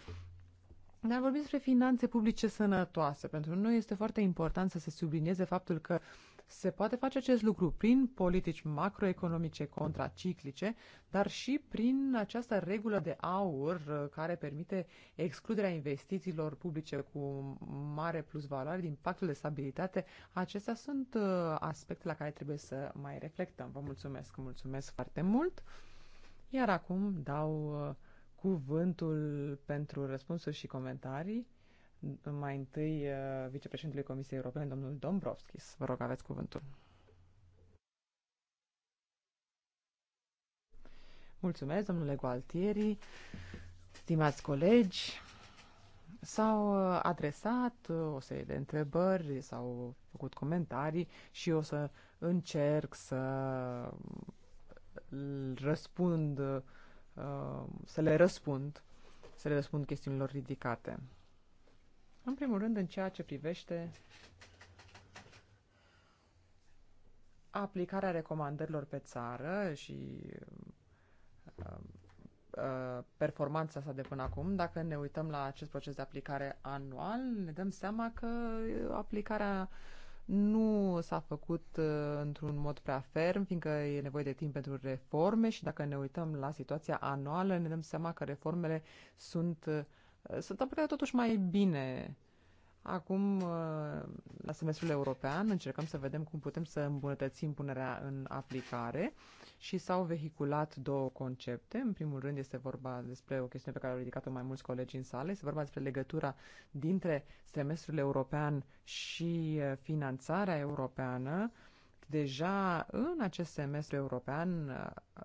dar vorbim despre finanțe publice sănătoase. Pentru noi este foarte important să se sublinieze faptul că se poate face acest lucru prin politici macroeconomice contraciclice, dar și prin această regulă de aur uh, care permite excluderea investițiilor publice cu mare plus valoare din pactul de stabilitate. Acestea sunt uh, aspecte la care trebuie să mai reflectăm. Vă mulțumesc, mulțumesc foarte mult. Iar acum dau uh, cuvântul pentru răspunsuri și comentarii. Mai întâi, uh, vicepreședintele Comisiei Europene, domnul Dombrovskis. Vă rog, aveți cuvântul. Mulțumesc, domnule Gualtieri, stimați colegi. S-au uh, adresat uh, o serie de întrebări, s-au făcut comentarii și o să încerc să răspund Uh, să le răspund, să le răspund chestiunilor ridicate. În primul rând, în ceea ce privește aplicarea recomandărilor pe țară și uh, uh, performanța sa de până acum, dacă ne uităm la acest proces de aplicare anual, ne dăm seama că aplicarea uh, nu s-a făcut uh, într-un mod prea ferm, fiindcă e nevoie de timp pentru reforme și dacă ne uităm la situația anuală, ne dăm seama că reformele sunt, uh, sunt aplicate totuși mai bine Acum, uh, la semestrul european, încercăm să vedem cum putem să îmbunătățim punerea în aplicare și s-au vehiculat două concepte. În primul rând este vorba despre o chestiune pe care au ridicat-o mai mulți colegi în sală. Este vorba despre legătura dintre semestrul european și uh, finanțarea europeană deja în acest semestru european,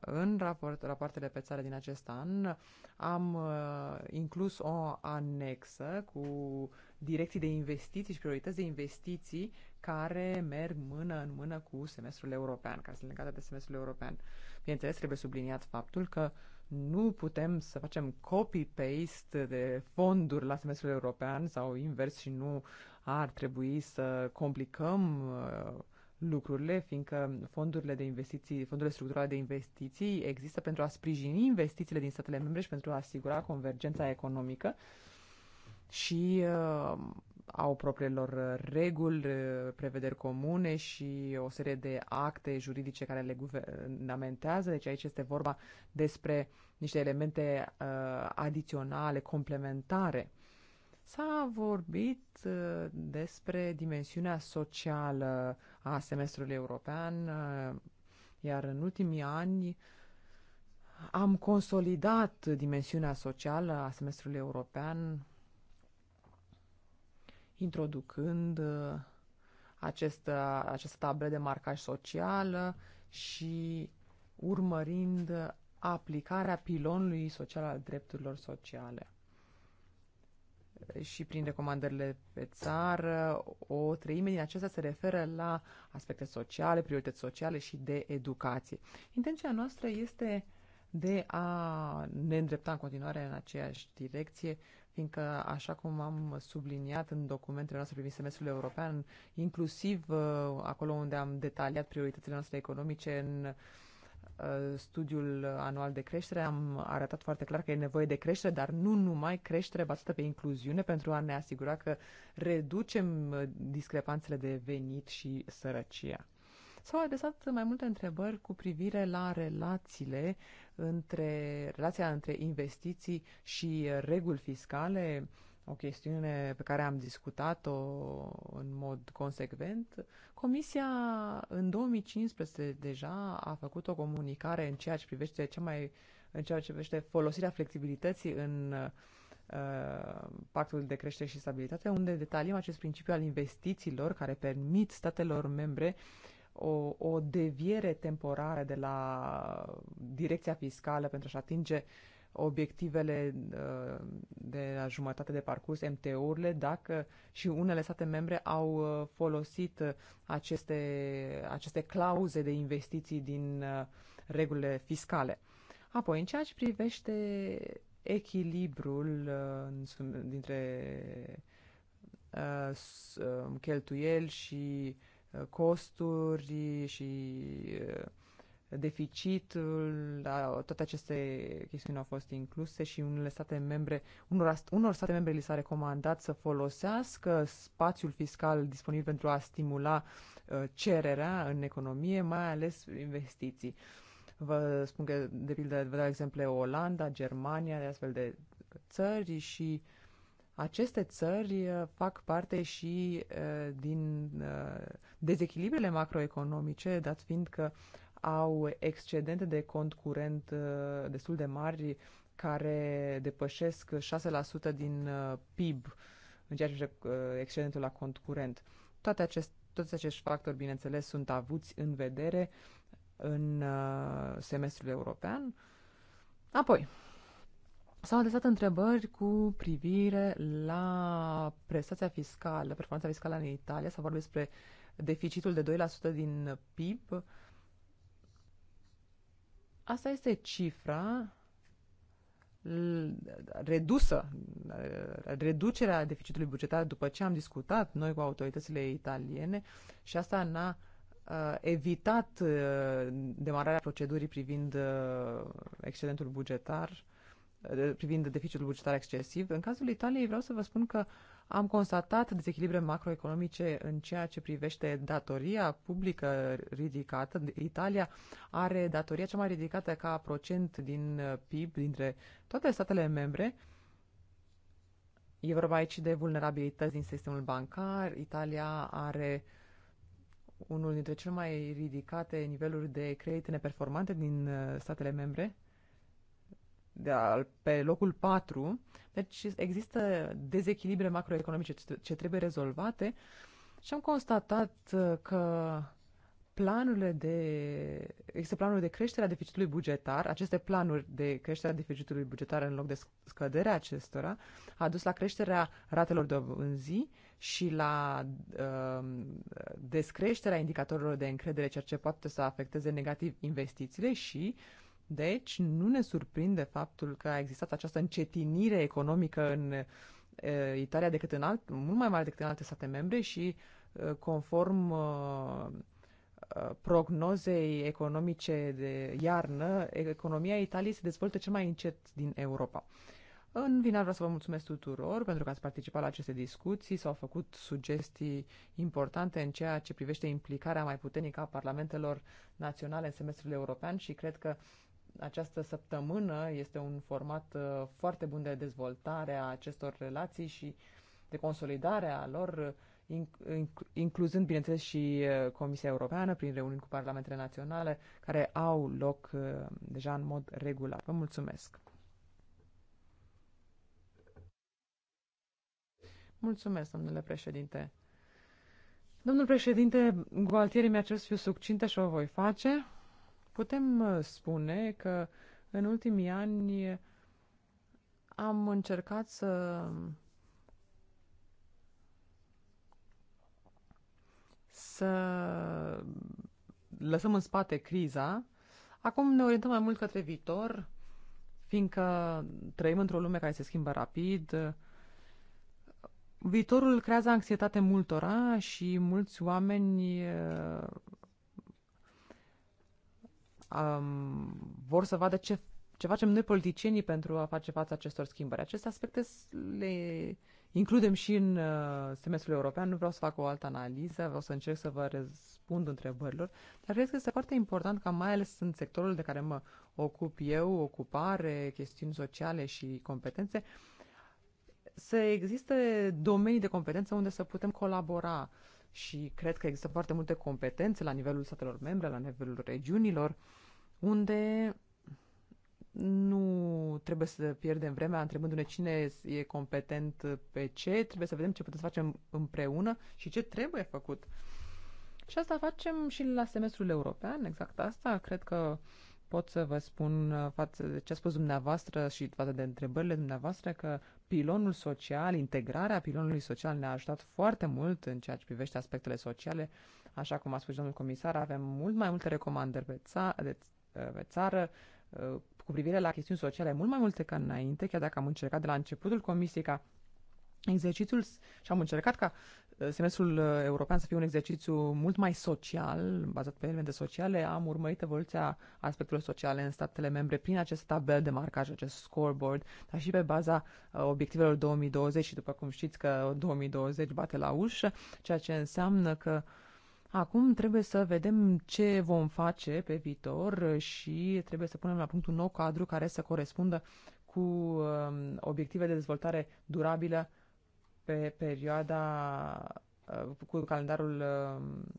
în raport, rapoartele pe țară din acest an, am uh, inclus o anexă cu direcții de investiții și priorități de investiții care merg mână în mână cu semestrul european, care sunt legate de semestrul european. Bineînțeles, trebuie subliniat faptul că nu putem să facem copy-paste de fonduri la semestrul european sau invers și nu ar trebui să complicăm uh, lucrurile, fiindcă fondurile de investiții, fondurile structurale de investiții există pentru a sprijini investițiile din statele membre și pentru a asigura convergența economică și uh, au propriilor reguli, uh, prevederi comune și o serie de acte juridice care le guvernamentează. Deci aici este vorba despre niște elemente uh, adiționale, complementare S-a vorbit uh, despre dimensiunea socială a semestrului european, uh, iar în ultimii ani am consolidat dimensiunea socială a semestrului european, introducând uh, acest, acest tablă de marcaj socială și urmărind aplicarea pilonului social al drepturilor sociale și prin recomandările pe țară, o treime din acestea se referă la aspecte sociale, priorități sociale și de educație. Intenția noastră este de a ne îndrepta în continuare în aceeași direcție, fiindcă, așa cum am subliniat în documentele noastre privind semestrul european, inclusiv uh, acolo unde am detaliat prioritățile noastre economice în uh, Uh, studiul anual de creștere, am arătat foarte clar că e nevoie de creștere, dar nu numai creștere bazată pe incluziune pentru a ne asigura că reducem uh, discrepanțele de venit și sărăcia. S-au adresat mai multe întrebări cu privire la relațiile între, relația între investiții și reguli fiscale, o chestiune pe care am discutat-o în mod consecvent. Comisia în 2015 deja a făcut o comunicare în ceea ce privește cea mai în ceea ce privește folosirea flexibilității în uh, pactul de creștere și stabilitate, unde detaliem acest principiu al investițiilor care permit statelor membre o, o deviere temporară de la direcția fiscală pentru a-și atinge uh, obiectivele uh, de la jumătate de parcurs, MTO-urile, dacă și unele state membre au uh, folosit uh, aceste, aceste clauze de investiții din regulile fiscale. Apoi, în ceea ce privește echilibrul dintre cheltuieli și costuri și deficitul, toate aceste chestiuni au fost incluse și unele state membre, unor, unor state membre li s-a recomandat să folosească spațiul fiscal disponibil pentru a stimula uh, cererea în economie, mai ales investiții. Vă spun că, de pildă, vă dau exemple Olanda, Germania, de astfel de țări și aceste țări uh, fac parte și uh, din dezechilibrele macroeconomice, dat fiind că au excedente de cont curent uh, destul de mari care depășesc 6% din uh, PIB în ceea ce uh, excedentul la cont curent. Toate acest, toți acești factori, bineînțeles, sunt avuți în vedere în semestrul european. Apoi, S-au adresat întrebări cu privire la prestația fiscală, performanța fiscală în Italia. S-a vorbit despre deficitul de 2% din PIB Asta este cifra redusă, reducerea deficitului bugetar după ce am discutat noi cu autoritățile italiene și asta n-a uh, evitat uh, demararea procedurii privind uh, excedentul bugetar, uh, privind deficitul bugetar excesiv. În cazul Italiei vreau să vă spun că uh, am constatat dezechilibre macroeconomice în ceea ce privește datoria publică ridicată. Italia are datoria cea mai ridicată ca procent din PIB dintre toate statele membre. E vorba aici de vulnerabilități din sistemul bancar. Italia are unul dintre cele mai ridicate niveluri de credite neperformante din uh, statele membre de a, pe locul 4. Deci există dezechilibre macroeconomice ce trebuie rezolvate și am constatat uh, că planurile de, există planul de creștere a deficitului bugetar, aceste planuri de creștere a deficitului bugetar în loc de scăderea acestora a dus la creșterea ratelor dobânzii și la uh, descreșterea indicatorilor de încredere, ceea ce poate să afecteze negativ investițiile și uh, deci, nu ne surprinde faptul că a existat această încetinire economică în uh, Italia decât în alt, mult mai mare decât în alte state membre și uh, conform uh, prognozei economice de iarnă, economia Italiei se dezvoltă cel mai încet din Europa. În final vreau să vă mulțumesc tuturor pentru că ați participat la aceste discuții, s-au făcut sugestii importante în ceea ce privește implicarea mai puternică a parlamentelor naționale în semestrul european și cred că uh, această săptămână este un format uh, foarte bun de dezvoltare a acestor relații și de consolidare a lor, uh, incluzând, bineînțeles, și uh, Comisia Europeană prin reuniuni cu parlamentele naționale, care au loc deja în mod regulat. Vă mulțumesc! Mulțumesc, domnule președinte! Domnul președinte, Gualtieri mi-a cerut să fiu succintă și o voi face. Putem uh, spune că în ultimii ani am încercat să să lăsăm în spate criza. Acum ne orientăm mai mult către viitor, fiindcă trăim într-o lume care se schimbă rapid. Viitorul creează anxietate multora și mulți oameni uh, um, vor să vadă ce, ce facem noi politicienii pentru a face față acestor schimbări. Aceste aspecte le includem și în uh, semestrul european. Nu vreau să fac o altă analiză, vreau să încerc să vă răspund întrebărilor, dar cred că este foarte important ca mai ales în sectorul de care mă ocup eu, ocupare, chestiuni sociale și competențe, să existe domenii de competență unde să putem colabora uh, și cred că există foarte multe competențe la nivelul statelor membre, la nivelul regiunilor, unde nu trebuie să pierdem vremea întrebându-ne cine e competent pe ce, trebuie să vedem ce putem să facem împreună și ce trebuie făcut. Și asta facem și la semestrul european, exact asta. Cred că pot să vă spun uh, față de ce a spus dumneavoastră și față de întrebările dumneavoastră că pilonul social, integrarea pilonului social ne-a ajutat foarte mult în ceea ce privește aspectele sociale. Așa cum a spus domnul comisar, avem mult mai multe recomandări pe, ța- de, ă, pe țară ă, cu privire la chestiuni sociale, mult mai multe ca înainte, chiar dacă am încercat de la începutul comisiei ca exercițiul și am încercat ca Uh, semestrul uh, european să fie un exercițiu mult mai social, bazat pe elemente sociale, am urmărit evoluția aspectelor sociale în statele membre prin acest tabel de marcaj, acest scoreboard, dar și pe baza uh, obiectivelor 2020 și după cum știți că 2020 bate la ușă, ceea ce înseamnă că Acum trebuie să vedem ce vom face pe viitor și trebuie să punem la punct un nou cadru care să corespundă cu um, obiective de dezvoltare durabilă pe perioada uh, cu calendarul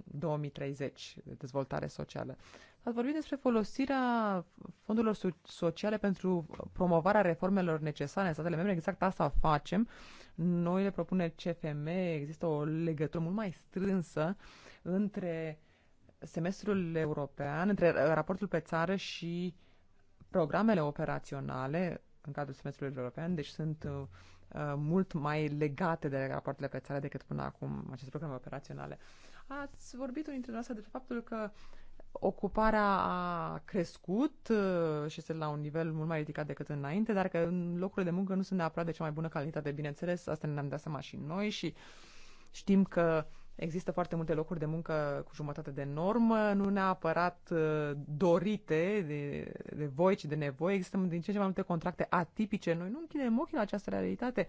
2030 uh, de dezvoltare socială. Ați vorbit despre folosirea fondurilor sociale pentru promovarea reformelor necesare în statele membre. Exact asta facem. Noi le propune CFM, există o legătură mult mai strânsă între semestrul european, între raportul pe țară și programele operaționale în cadrul semestrului european, deci sunt uh, Uh, mult mai legate de rapoartele pe țară decât până acum aceste programe operaționale. Ați vorbit unii dintre noastre despre faptul că ocuparea a crescut uh, și este la un nivel mult mai ridicat decât înainte, dar că locurile de muncă nu sunt neapărat de cea mai bună calitate. Bineînțeles, asta ne-am dat seama și noi și știm că Există foarte multe locuri de muncă cu jumătate de normă, nu neapărat uh, dorite de, de voi, ci de nevoie. Există din ce în ce mai multe contracte atipice. Noi nu închidem ochii la această realitate.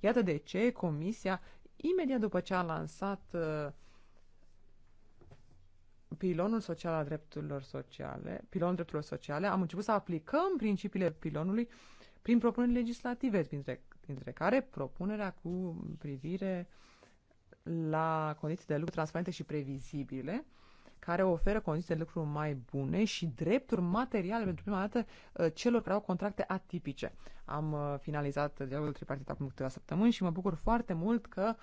Iată de ce Comisia, imediat după ce a lansat uh, pilonul social al drepturilor sociale, pilonul drepturilor sociale, am început să aplicăm principiile pilonului prin propuneri legislative, printre, printre care propunerea cu privire uh, la condiții de lucru transparente și previzibile, care oferă condiții de lucru mai bune și drepturi materiale pentru prima dată uh, celor care au contracte atipice. Am uh, finalizat dialogul tripartit acum câteva săptămâni și mă bucur foarte mult că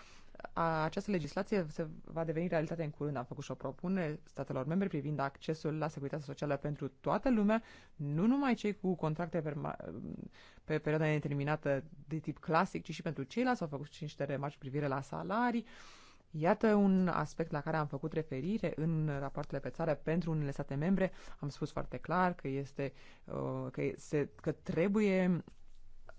această legislație se va deveni realitate în curând. Am făcut și o propunere statelor membre privind accesul la securitatea socială pentru toată lumea, nu numai cei cu contracte pe, pe perioada determinată de tip clasic, ci și pentru ceilalți. Au făcut și niște remarci privire la salarii. Iată un aspect la care am făcut referire în rapoartele pe țară pentru unele state membre. Am spus foarte clar că este uh, că, se, că trebuie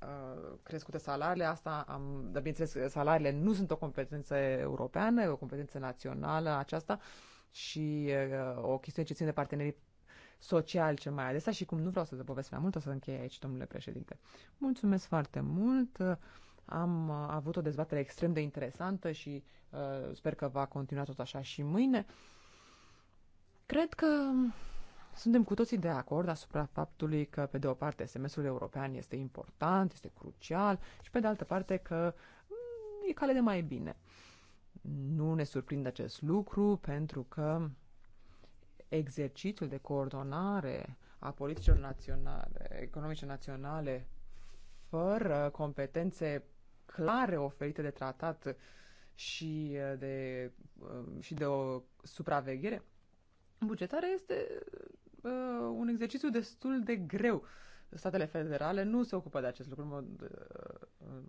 Uh, crescute salariile, asta am, dar bineînțeles salariile nu sunt o competență europeană, e o competență națională aceasta și uh, o chestiune ce ține de partenerii social cel mai adesea și cum nu vreau să te povestesc mai mult, o să închei aici, domnule președinte. Mulțumesc foarte mult! Am uh, avut o dezbatere extrem de interesantă și uh, sper că va continua tot așa și mâine. Cred că suntem cu toții de acord asupra faptului că, pe de o parte, semestrul european este important, este crucial și, pe de altă parte, că mm, e cale de mai bine. Nu ne surprinde acest lucru pentru că exercițiul de coordonare a politicilor naționale, economice naționale, fără competențe clare oferite de tratat și uh, de, uh, și de o supraveghere bugetară este uh, un exercițiu destul de greu. Statele federale nu se ocupă de acest lucru în mod uh,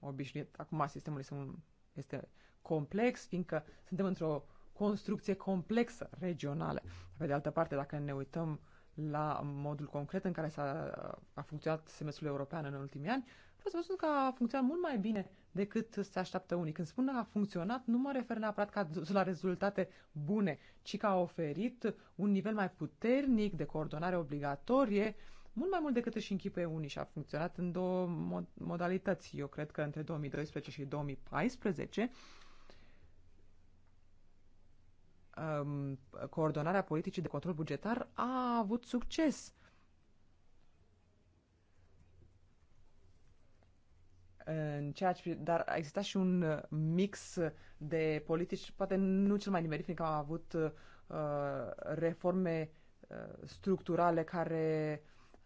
obișnuit. Acum sistemul este, un, este complex, fiindcă suntem într-o construcție complexă regională. Pe de altă parte, dacă ne uităm la modul concret în care s-a, a funcționat semestrul european în ultimii ani, vă spun că a funcționat mult mai bine decât se așteaptă unii. Când spun că a funcționat, nu mă refer neapărat ca la rezultate bune, ci că a oferit un nivel mai puternic de coordonare obligatorie, mult mai mult decât își închipe unii și a funcționat în două mod modalități. Eu cred că între 2012 și 2014 um, coordonarea politicii de control bugetar a avut succes În ceea ce, dar a existat și un uh, mix de politici, poate nu cel mai nimerit, fiindcă am avut uh, reforme uh, structurale care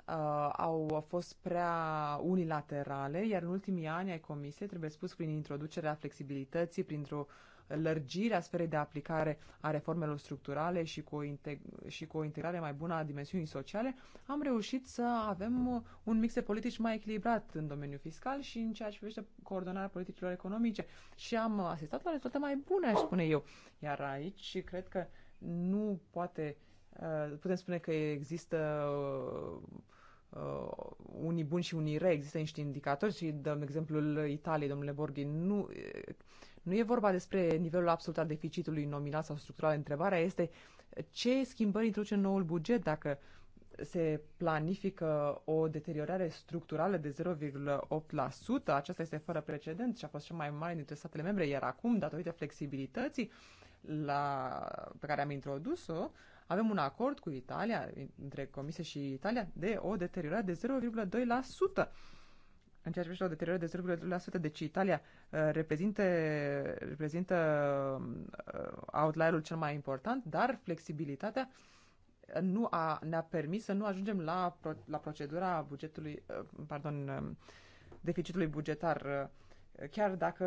uh, au fost prea unilaterale, iar în ultimii ani ai Comisiei, trebuie spus, prin introducerea flexibilității, printr-o uh, lărgirea sferei de aplicare a reformelor structurale și cu o, integ- și cu o integrare mai bună a dimensiunii sociale, am reușit să avem un mix de politici mai echilibrat în domeniul fiscal și în ceea ce privește coordonarea politicilor economice. Și am asistat la rezultate mai bune, aș spune eu. Iar aici, cred că nu poate, uh, putem spune că există uh, unii buni și unii rei, există niște indicatori și dăm exemplul Italiei, domnule Borghi, nu, nu e vorba despre nivelul absolut al deficitului nominal sau structural. Întrebarea este ce schimbări introduce în noul buget dacă se planifică o deteriorare structurală de 0,8%. Aceasta este fără precedent și a fost cea mai mare dintre statele membre, iar acum, datorită flexibilității la, pe care am introdus-o, avem un acord cu Italia, între Comisie și Italia, de o deteriorare de 0,2% în ceea ce privește o deteriorare de 0,2%, deci Italia uh, reprezintă, reprezintă uh, outlier-ul cel mai important, dar flexibilitatea nu a, ne-a permis să nu ajungem la, pro, la procedura bugetului, uh, pardon, um, deficitului bugetar. Chiar dacă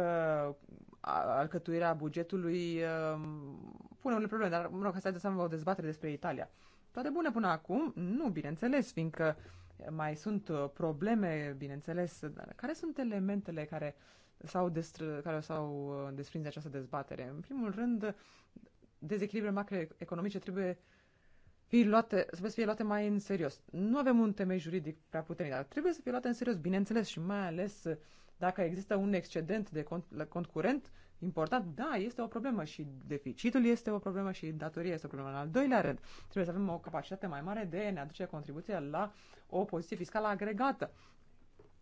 alcătuirea bugetului um, pune unele probleme, dar, mă rog, asta de o dezbatere despre Italia. Toate bune până acum? Nu, bineînțeles, fiindcă uh, mai sunt uh, probleme, bineînțeles. Care sunt elementele care s-au, destr- care s-au uh, desprins de această dezbatere? În primul rând, dezechilibrele macroeconomice trebuie fi luate, trebuie să fie luate mai în serios. Nu avem un temei juridic prea puternic, dar trebuie să fie luate în serios, bineînțeles, și mai ales dacă există un excedent de cont, la cont curent, important, da, este o problemă și deficitul este o problemă și datoria este o problemă. În al doilea rând, trebuie să avem o capacitate mai mare de ne aduce contribuția la o poziție fiscală agregată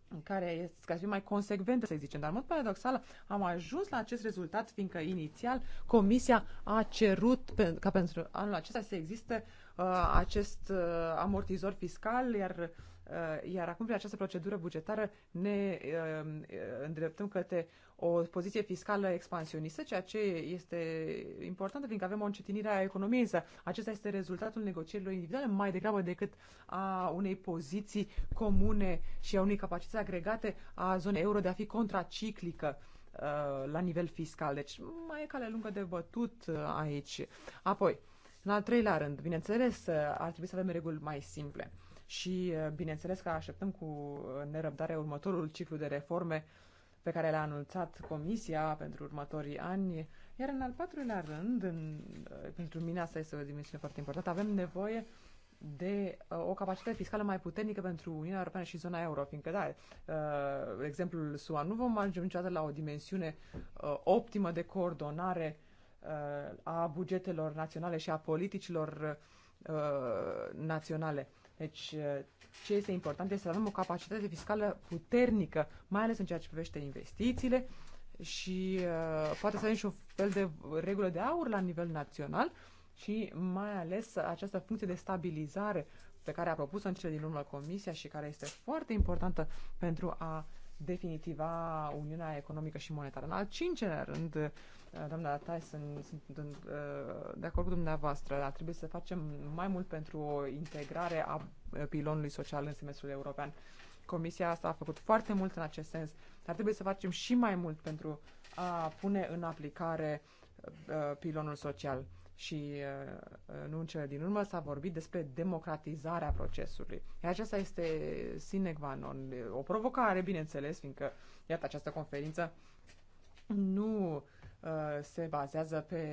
în care este ca să fim mai consecventă, să zicem. Dar, în mod paradoxal, am ajuns la acest rezultat, fiindcă inițial Comisia a cerut pe, ca pentru anul acesta să existe uh, acest uh, amortizor fiscal, iar Uh, iar acum, prin această procedură bugetară, ne um, uh, îndreptăm către o poziție fiscală expansionistă, ceea ce este importantă, fiindcă avem o încetinire a economiei, însă acesta este rezultatul negocierilor individuale mai degrabă decât a unei poziții comune și a unei capacități agregate a zonei euro de a fi contraciclică uh, la nivel fiscal. Deci mai e cale lungă de bătut aici. Apoi, în al treilea rând, bineînțeles, ar trebui să avem reguli mai simple și, uh, bineînțeles, că așteptăm cu nerăbdare următorul ciclu de reforme pe care le-a anunțat Comisia pentru următorii ani. Iar în al patrulea rând, în, uh, pentru mine asta este o dimensiune foarte importantă, avem nevoie de uh, o capacitate fiscală mai puternică pentru Uniunea Europeană și zona euro, fiindcă, da, uh, exemplul SUA, nu vom ajunge niciodată la o dimensiune uh, optimă de coordonare uh, a bugetelor naționale și a politicilor uh, naționale. Deci, uh, ce este important este să avem o capacitate fiscală puternică, mai ales în ceea ce privește investițiile și uh, poate să avem și un fel de regulă de aur la nivel național și mai ales această funcție de stabilizare pe care a propus-o în cele din urmă Comisia și care este foarte importantă pentru a uh, definitiva Uniunea Economică și Monetară. În al cincelea rând, uh, doamna Tyson, sunt uh, de acord cu dumneavoastră, ar trebui să facem mai mult pentru o integrare a uh, pilonului social în semestrul european. Comisia asta a făcut foarte mult în acest sens, dar trebuie să facem și mai mult pentru a pune în aplicare pilonul social și uh, uh, nu în cele din urmă s-a vorbit despre democratizarea procesului. Iar aceasta este sine qua non, o provocare, bineînțeles, fiindcă, iată, această conferință nu uh, Uh, se bazează pe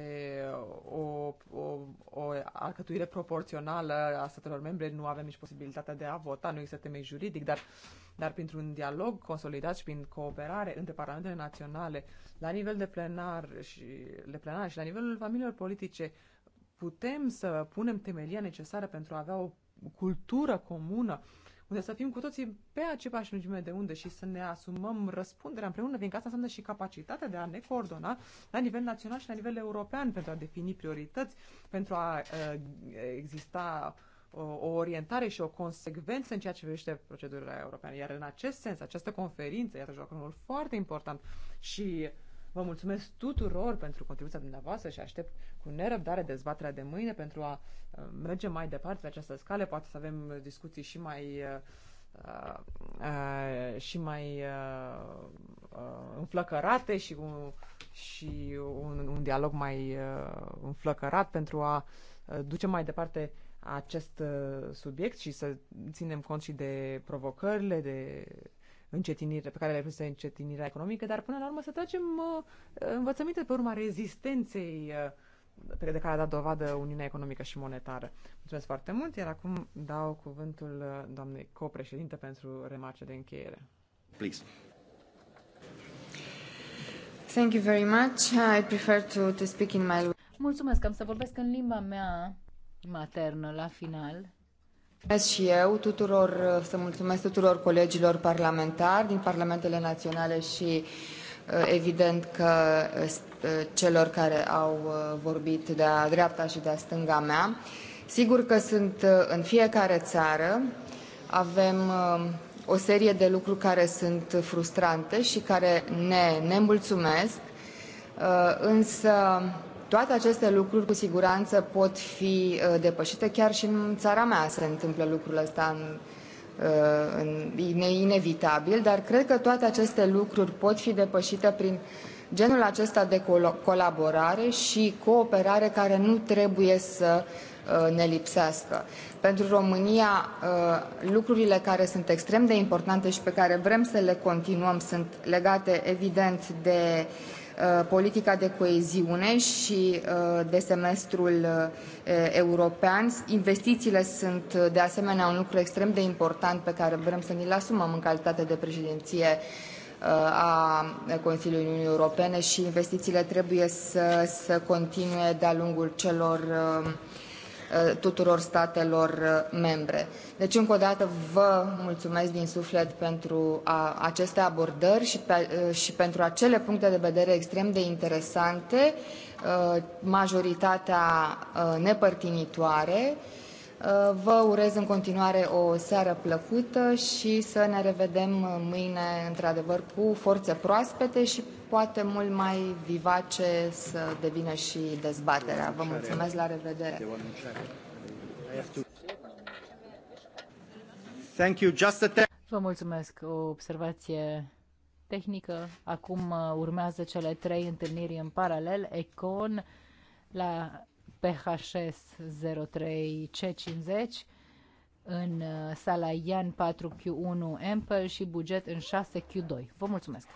o, o, o alcătuire proporțională a statelor membre. Nu avem nici posibilitatea de a vota, nu există temei juridic, dar, dar printr-un dialog consolidat și prin cooperare între parlamentele naționale, la nivel de plenar și, de plenar și la nivelul familiilor politice, putem să punem temelia necesară pentru a avea o cultură comună uh, unde să fim cu toții pe aceeași lungime de unde și să ne asumăm răspunderea împreună, fiindcă asta înseamnă și capacitatea de a ne coordona la nivel național și la nivel european pentru a defini priorități, pentru a uh, exista uh, o orientare și o consecvență în ceea ce privește procedurile europeană. Iar în acest sens, această conferință, iată, joacă un rol foarte important și uh, Vă mulțumesc tuturor pentru contribuția dumneavoastră și aștept cu nerăbdare dezbaterea de mâine pentru a uh, merge mai departe pe această scale. Poate să avem discuții și mai uh, uh, uh și mai uh, uh, înflăcărate și un, și un, un dialog mai înflăcărat pentru a duce mai departe acest subiect și să ținem cont și de provocările, de încetinire, pe care le pus încetinirea economică, dar până la urmă să tragem uh, învățăminte pe urma rezistenței uh, de care a dat dovadă Uniunea Economică și Monetară. Mulțumesc foarte mult, iar acum dau cuvântul uh, doamnei copreședinte pentru remarce de încheiere. Please. Thank you very much. I prefer to, to speak in my Mulțumesc, am să vorbesc în limba mea maternă la final. Mulțumesc și eu tuturor, să mulțumesc tuturor colegilor parlamentari din parlamentele naționale și uh, evident că uh, celor care au uh, vorbit de-a dreapta și de-a stânga mea. Sigur că sunt în fiecare țară, avem o serie de lucruri care sunt frustrante și care ne nemulțumesc, însă toate aceste lucruri cu siguranță pot fi uh, depășite. Chiar și în țara mea se întâmplă lucrul ăsta în, uh, în, inevitabil, dar cred că toate aceste lucruri pot fi depășite prin genul acesta de colaborare și cooperare care nu trebuie să uh, ne lipsească. Pentru România, lucrurile care sunt extrem de importante și pe care vrem să le continuăm sunt legate, evident, de Uh, politica de coeziune și uh, de semestrul uh, european. Investițiile sunt de asemenea un lucru extrem de important pe care vrem să ni-l asumăm în calitate de președinție a Consiliului Uniunii Europene și investițiile trebuie să, să continue de-a lungul celor Eh, tuturor statelor eh, membre. Deci, încă o dată, vă mulțumesc din suflet pentru a, aceste abordări și, pe, eh, și pentru acele puncte de vedere extrem de interesante, majoritatea nepărtinitoare, Uh, vă urez în continuare o seară plăcută și să ne revedem uh, mâine, într-adevăr, cu forțe proaspete și poate mult mai vivace să devină și dezbaterea. Vă mulțumesc, la revedere! Thank you. Just a Vă mulțumesc. O observație tehnică. Acum uh, urmează cele trei întâlniri în paralel. Econ la PHS 03C50 în uh, sala Ian 4Q1 Ample și buget în 6Q2. Vă mulțumesc!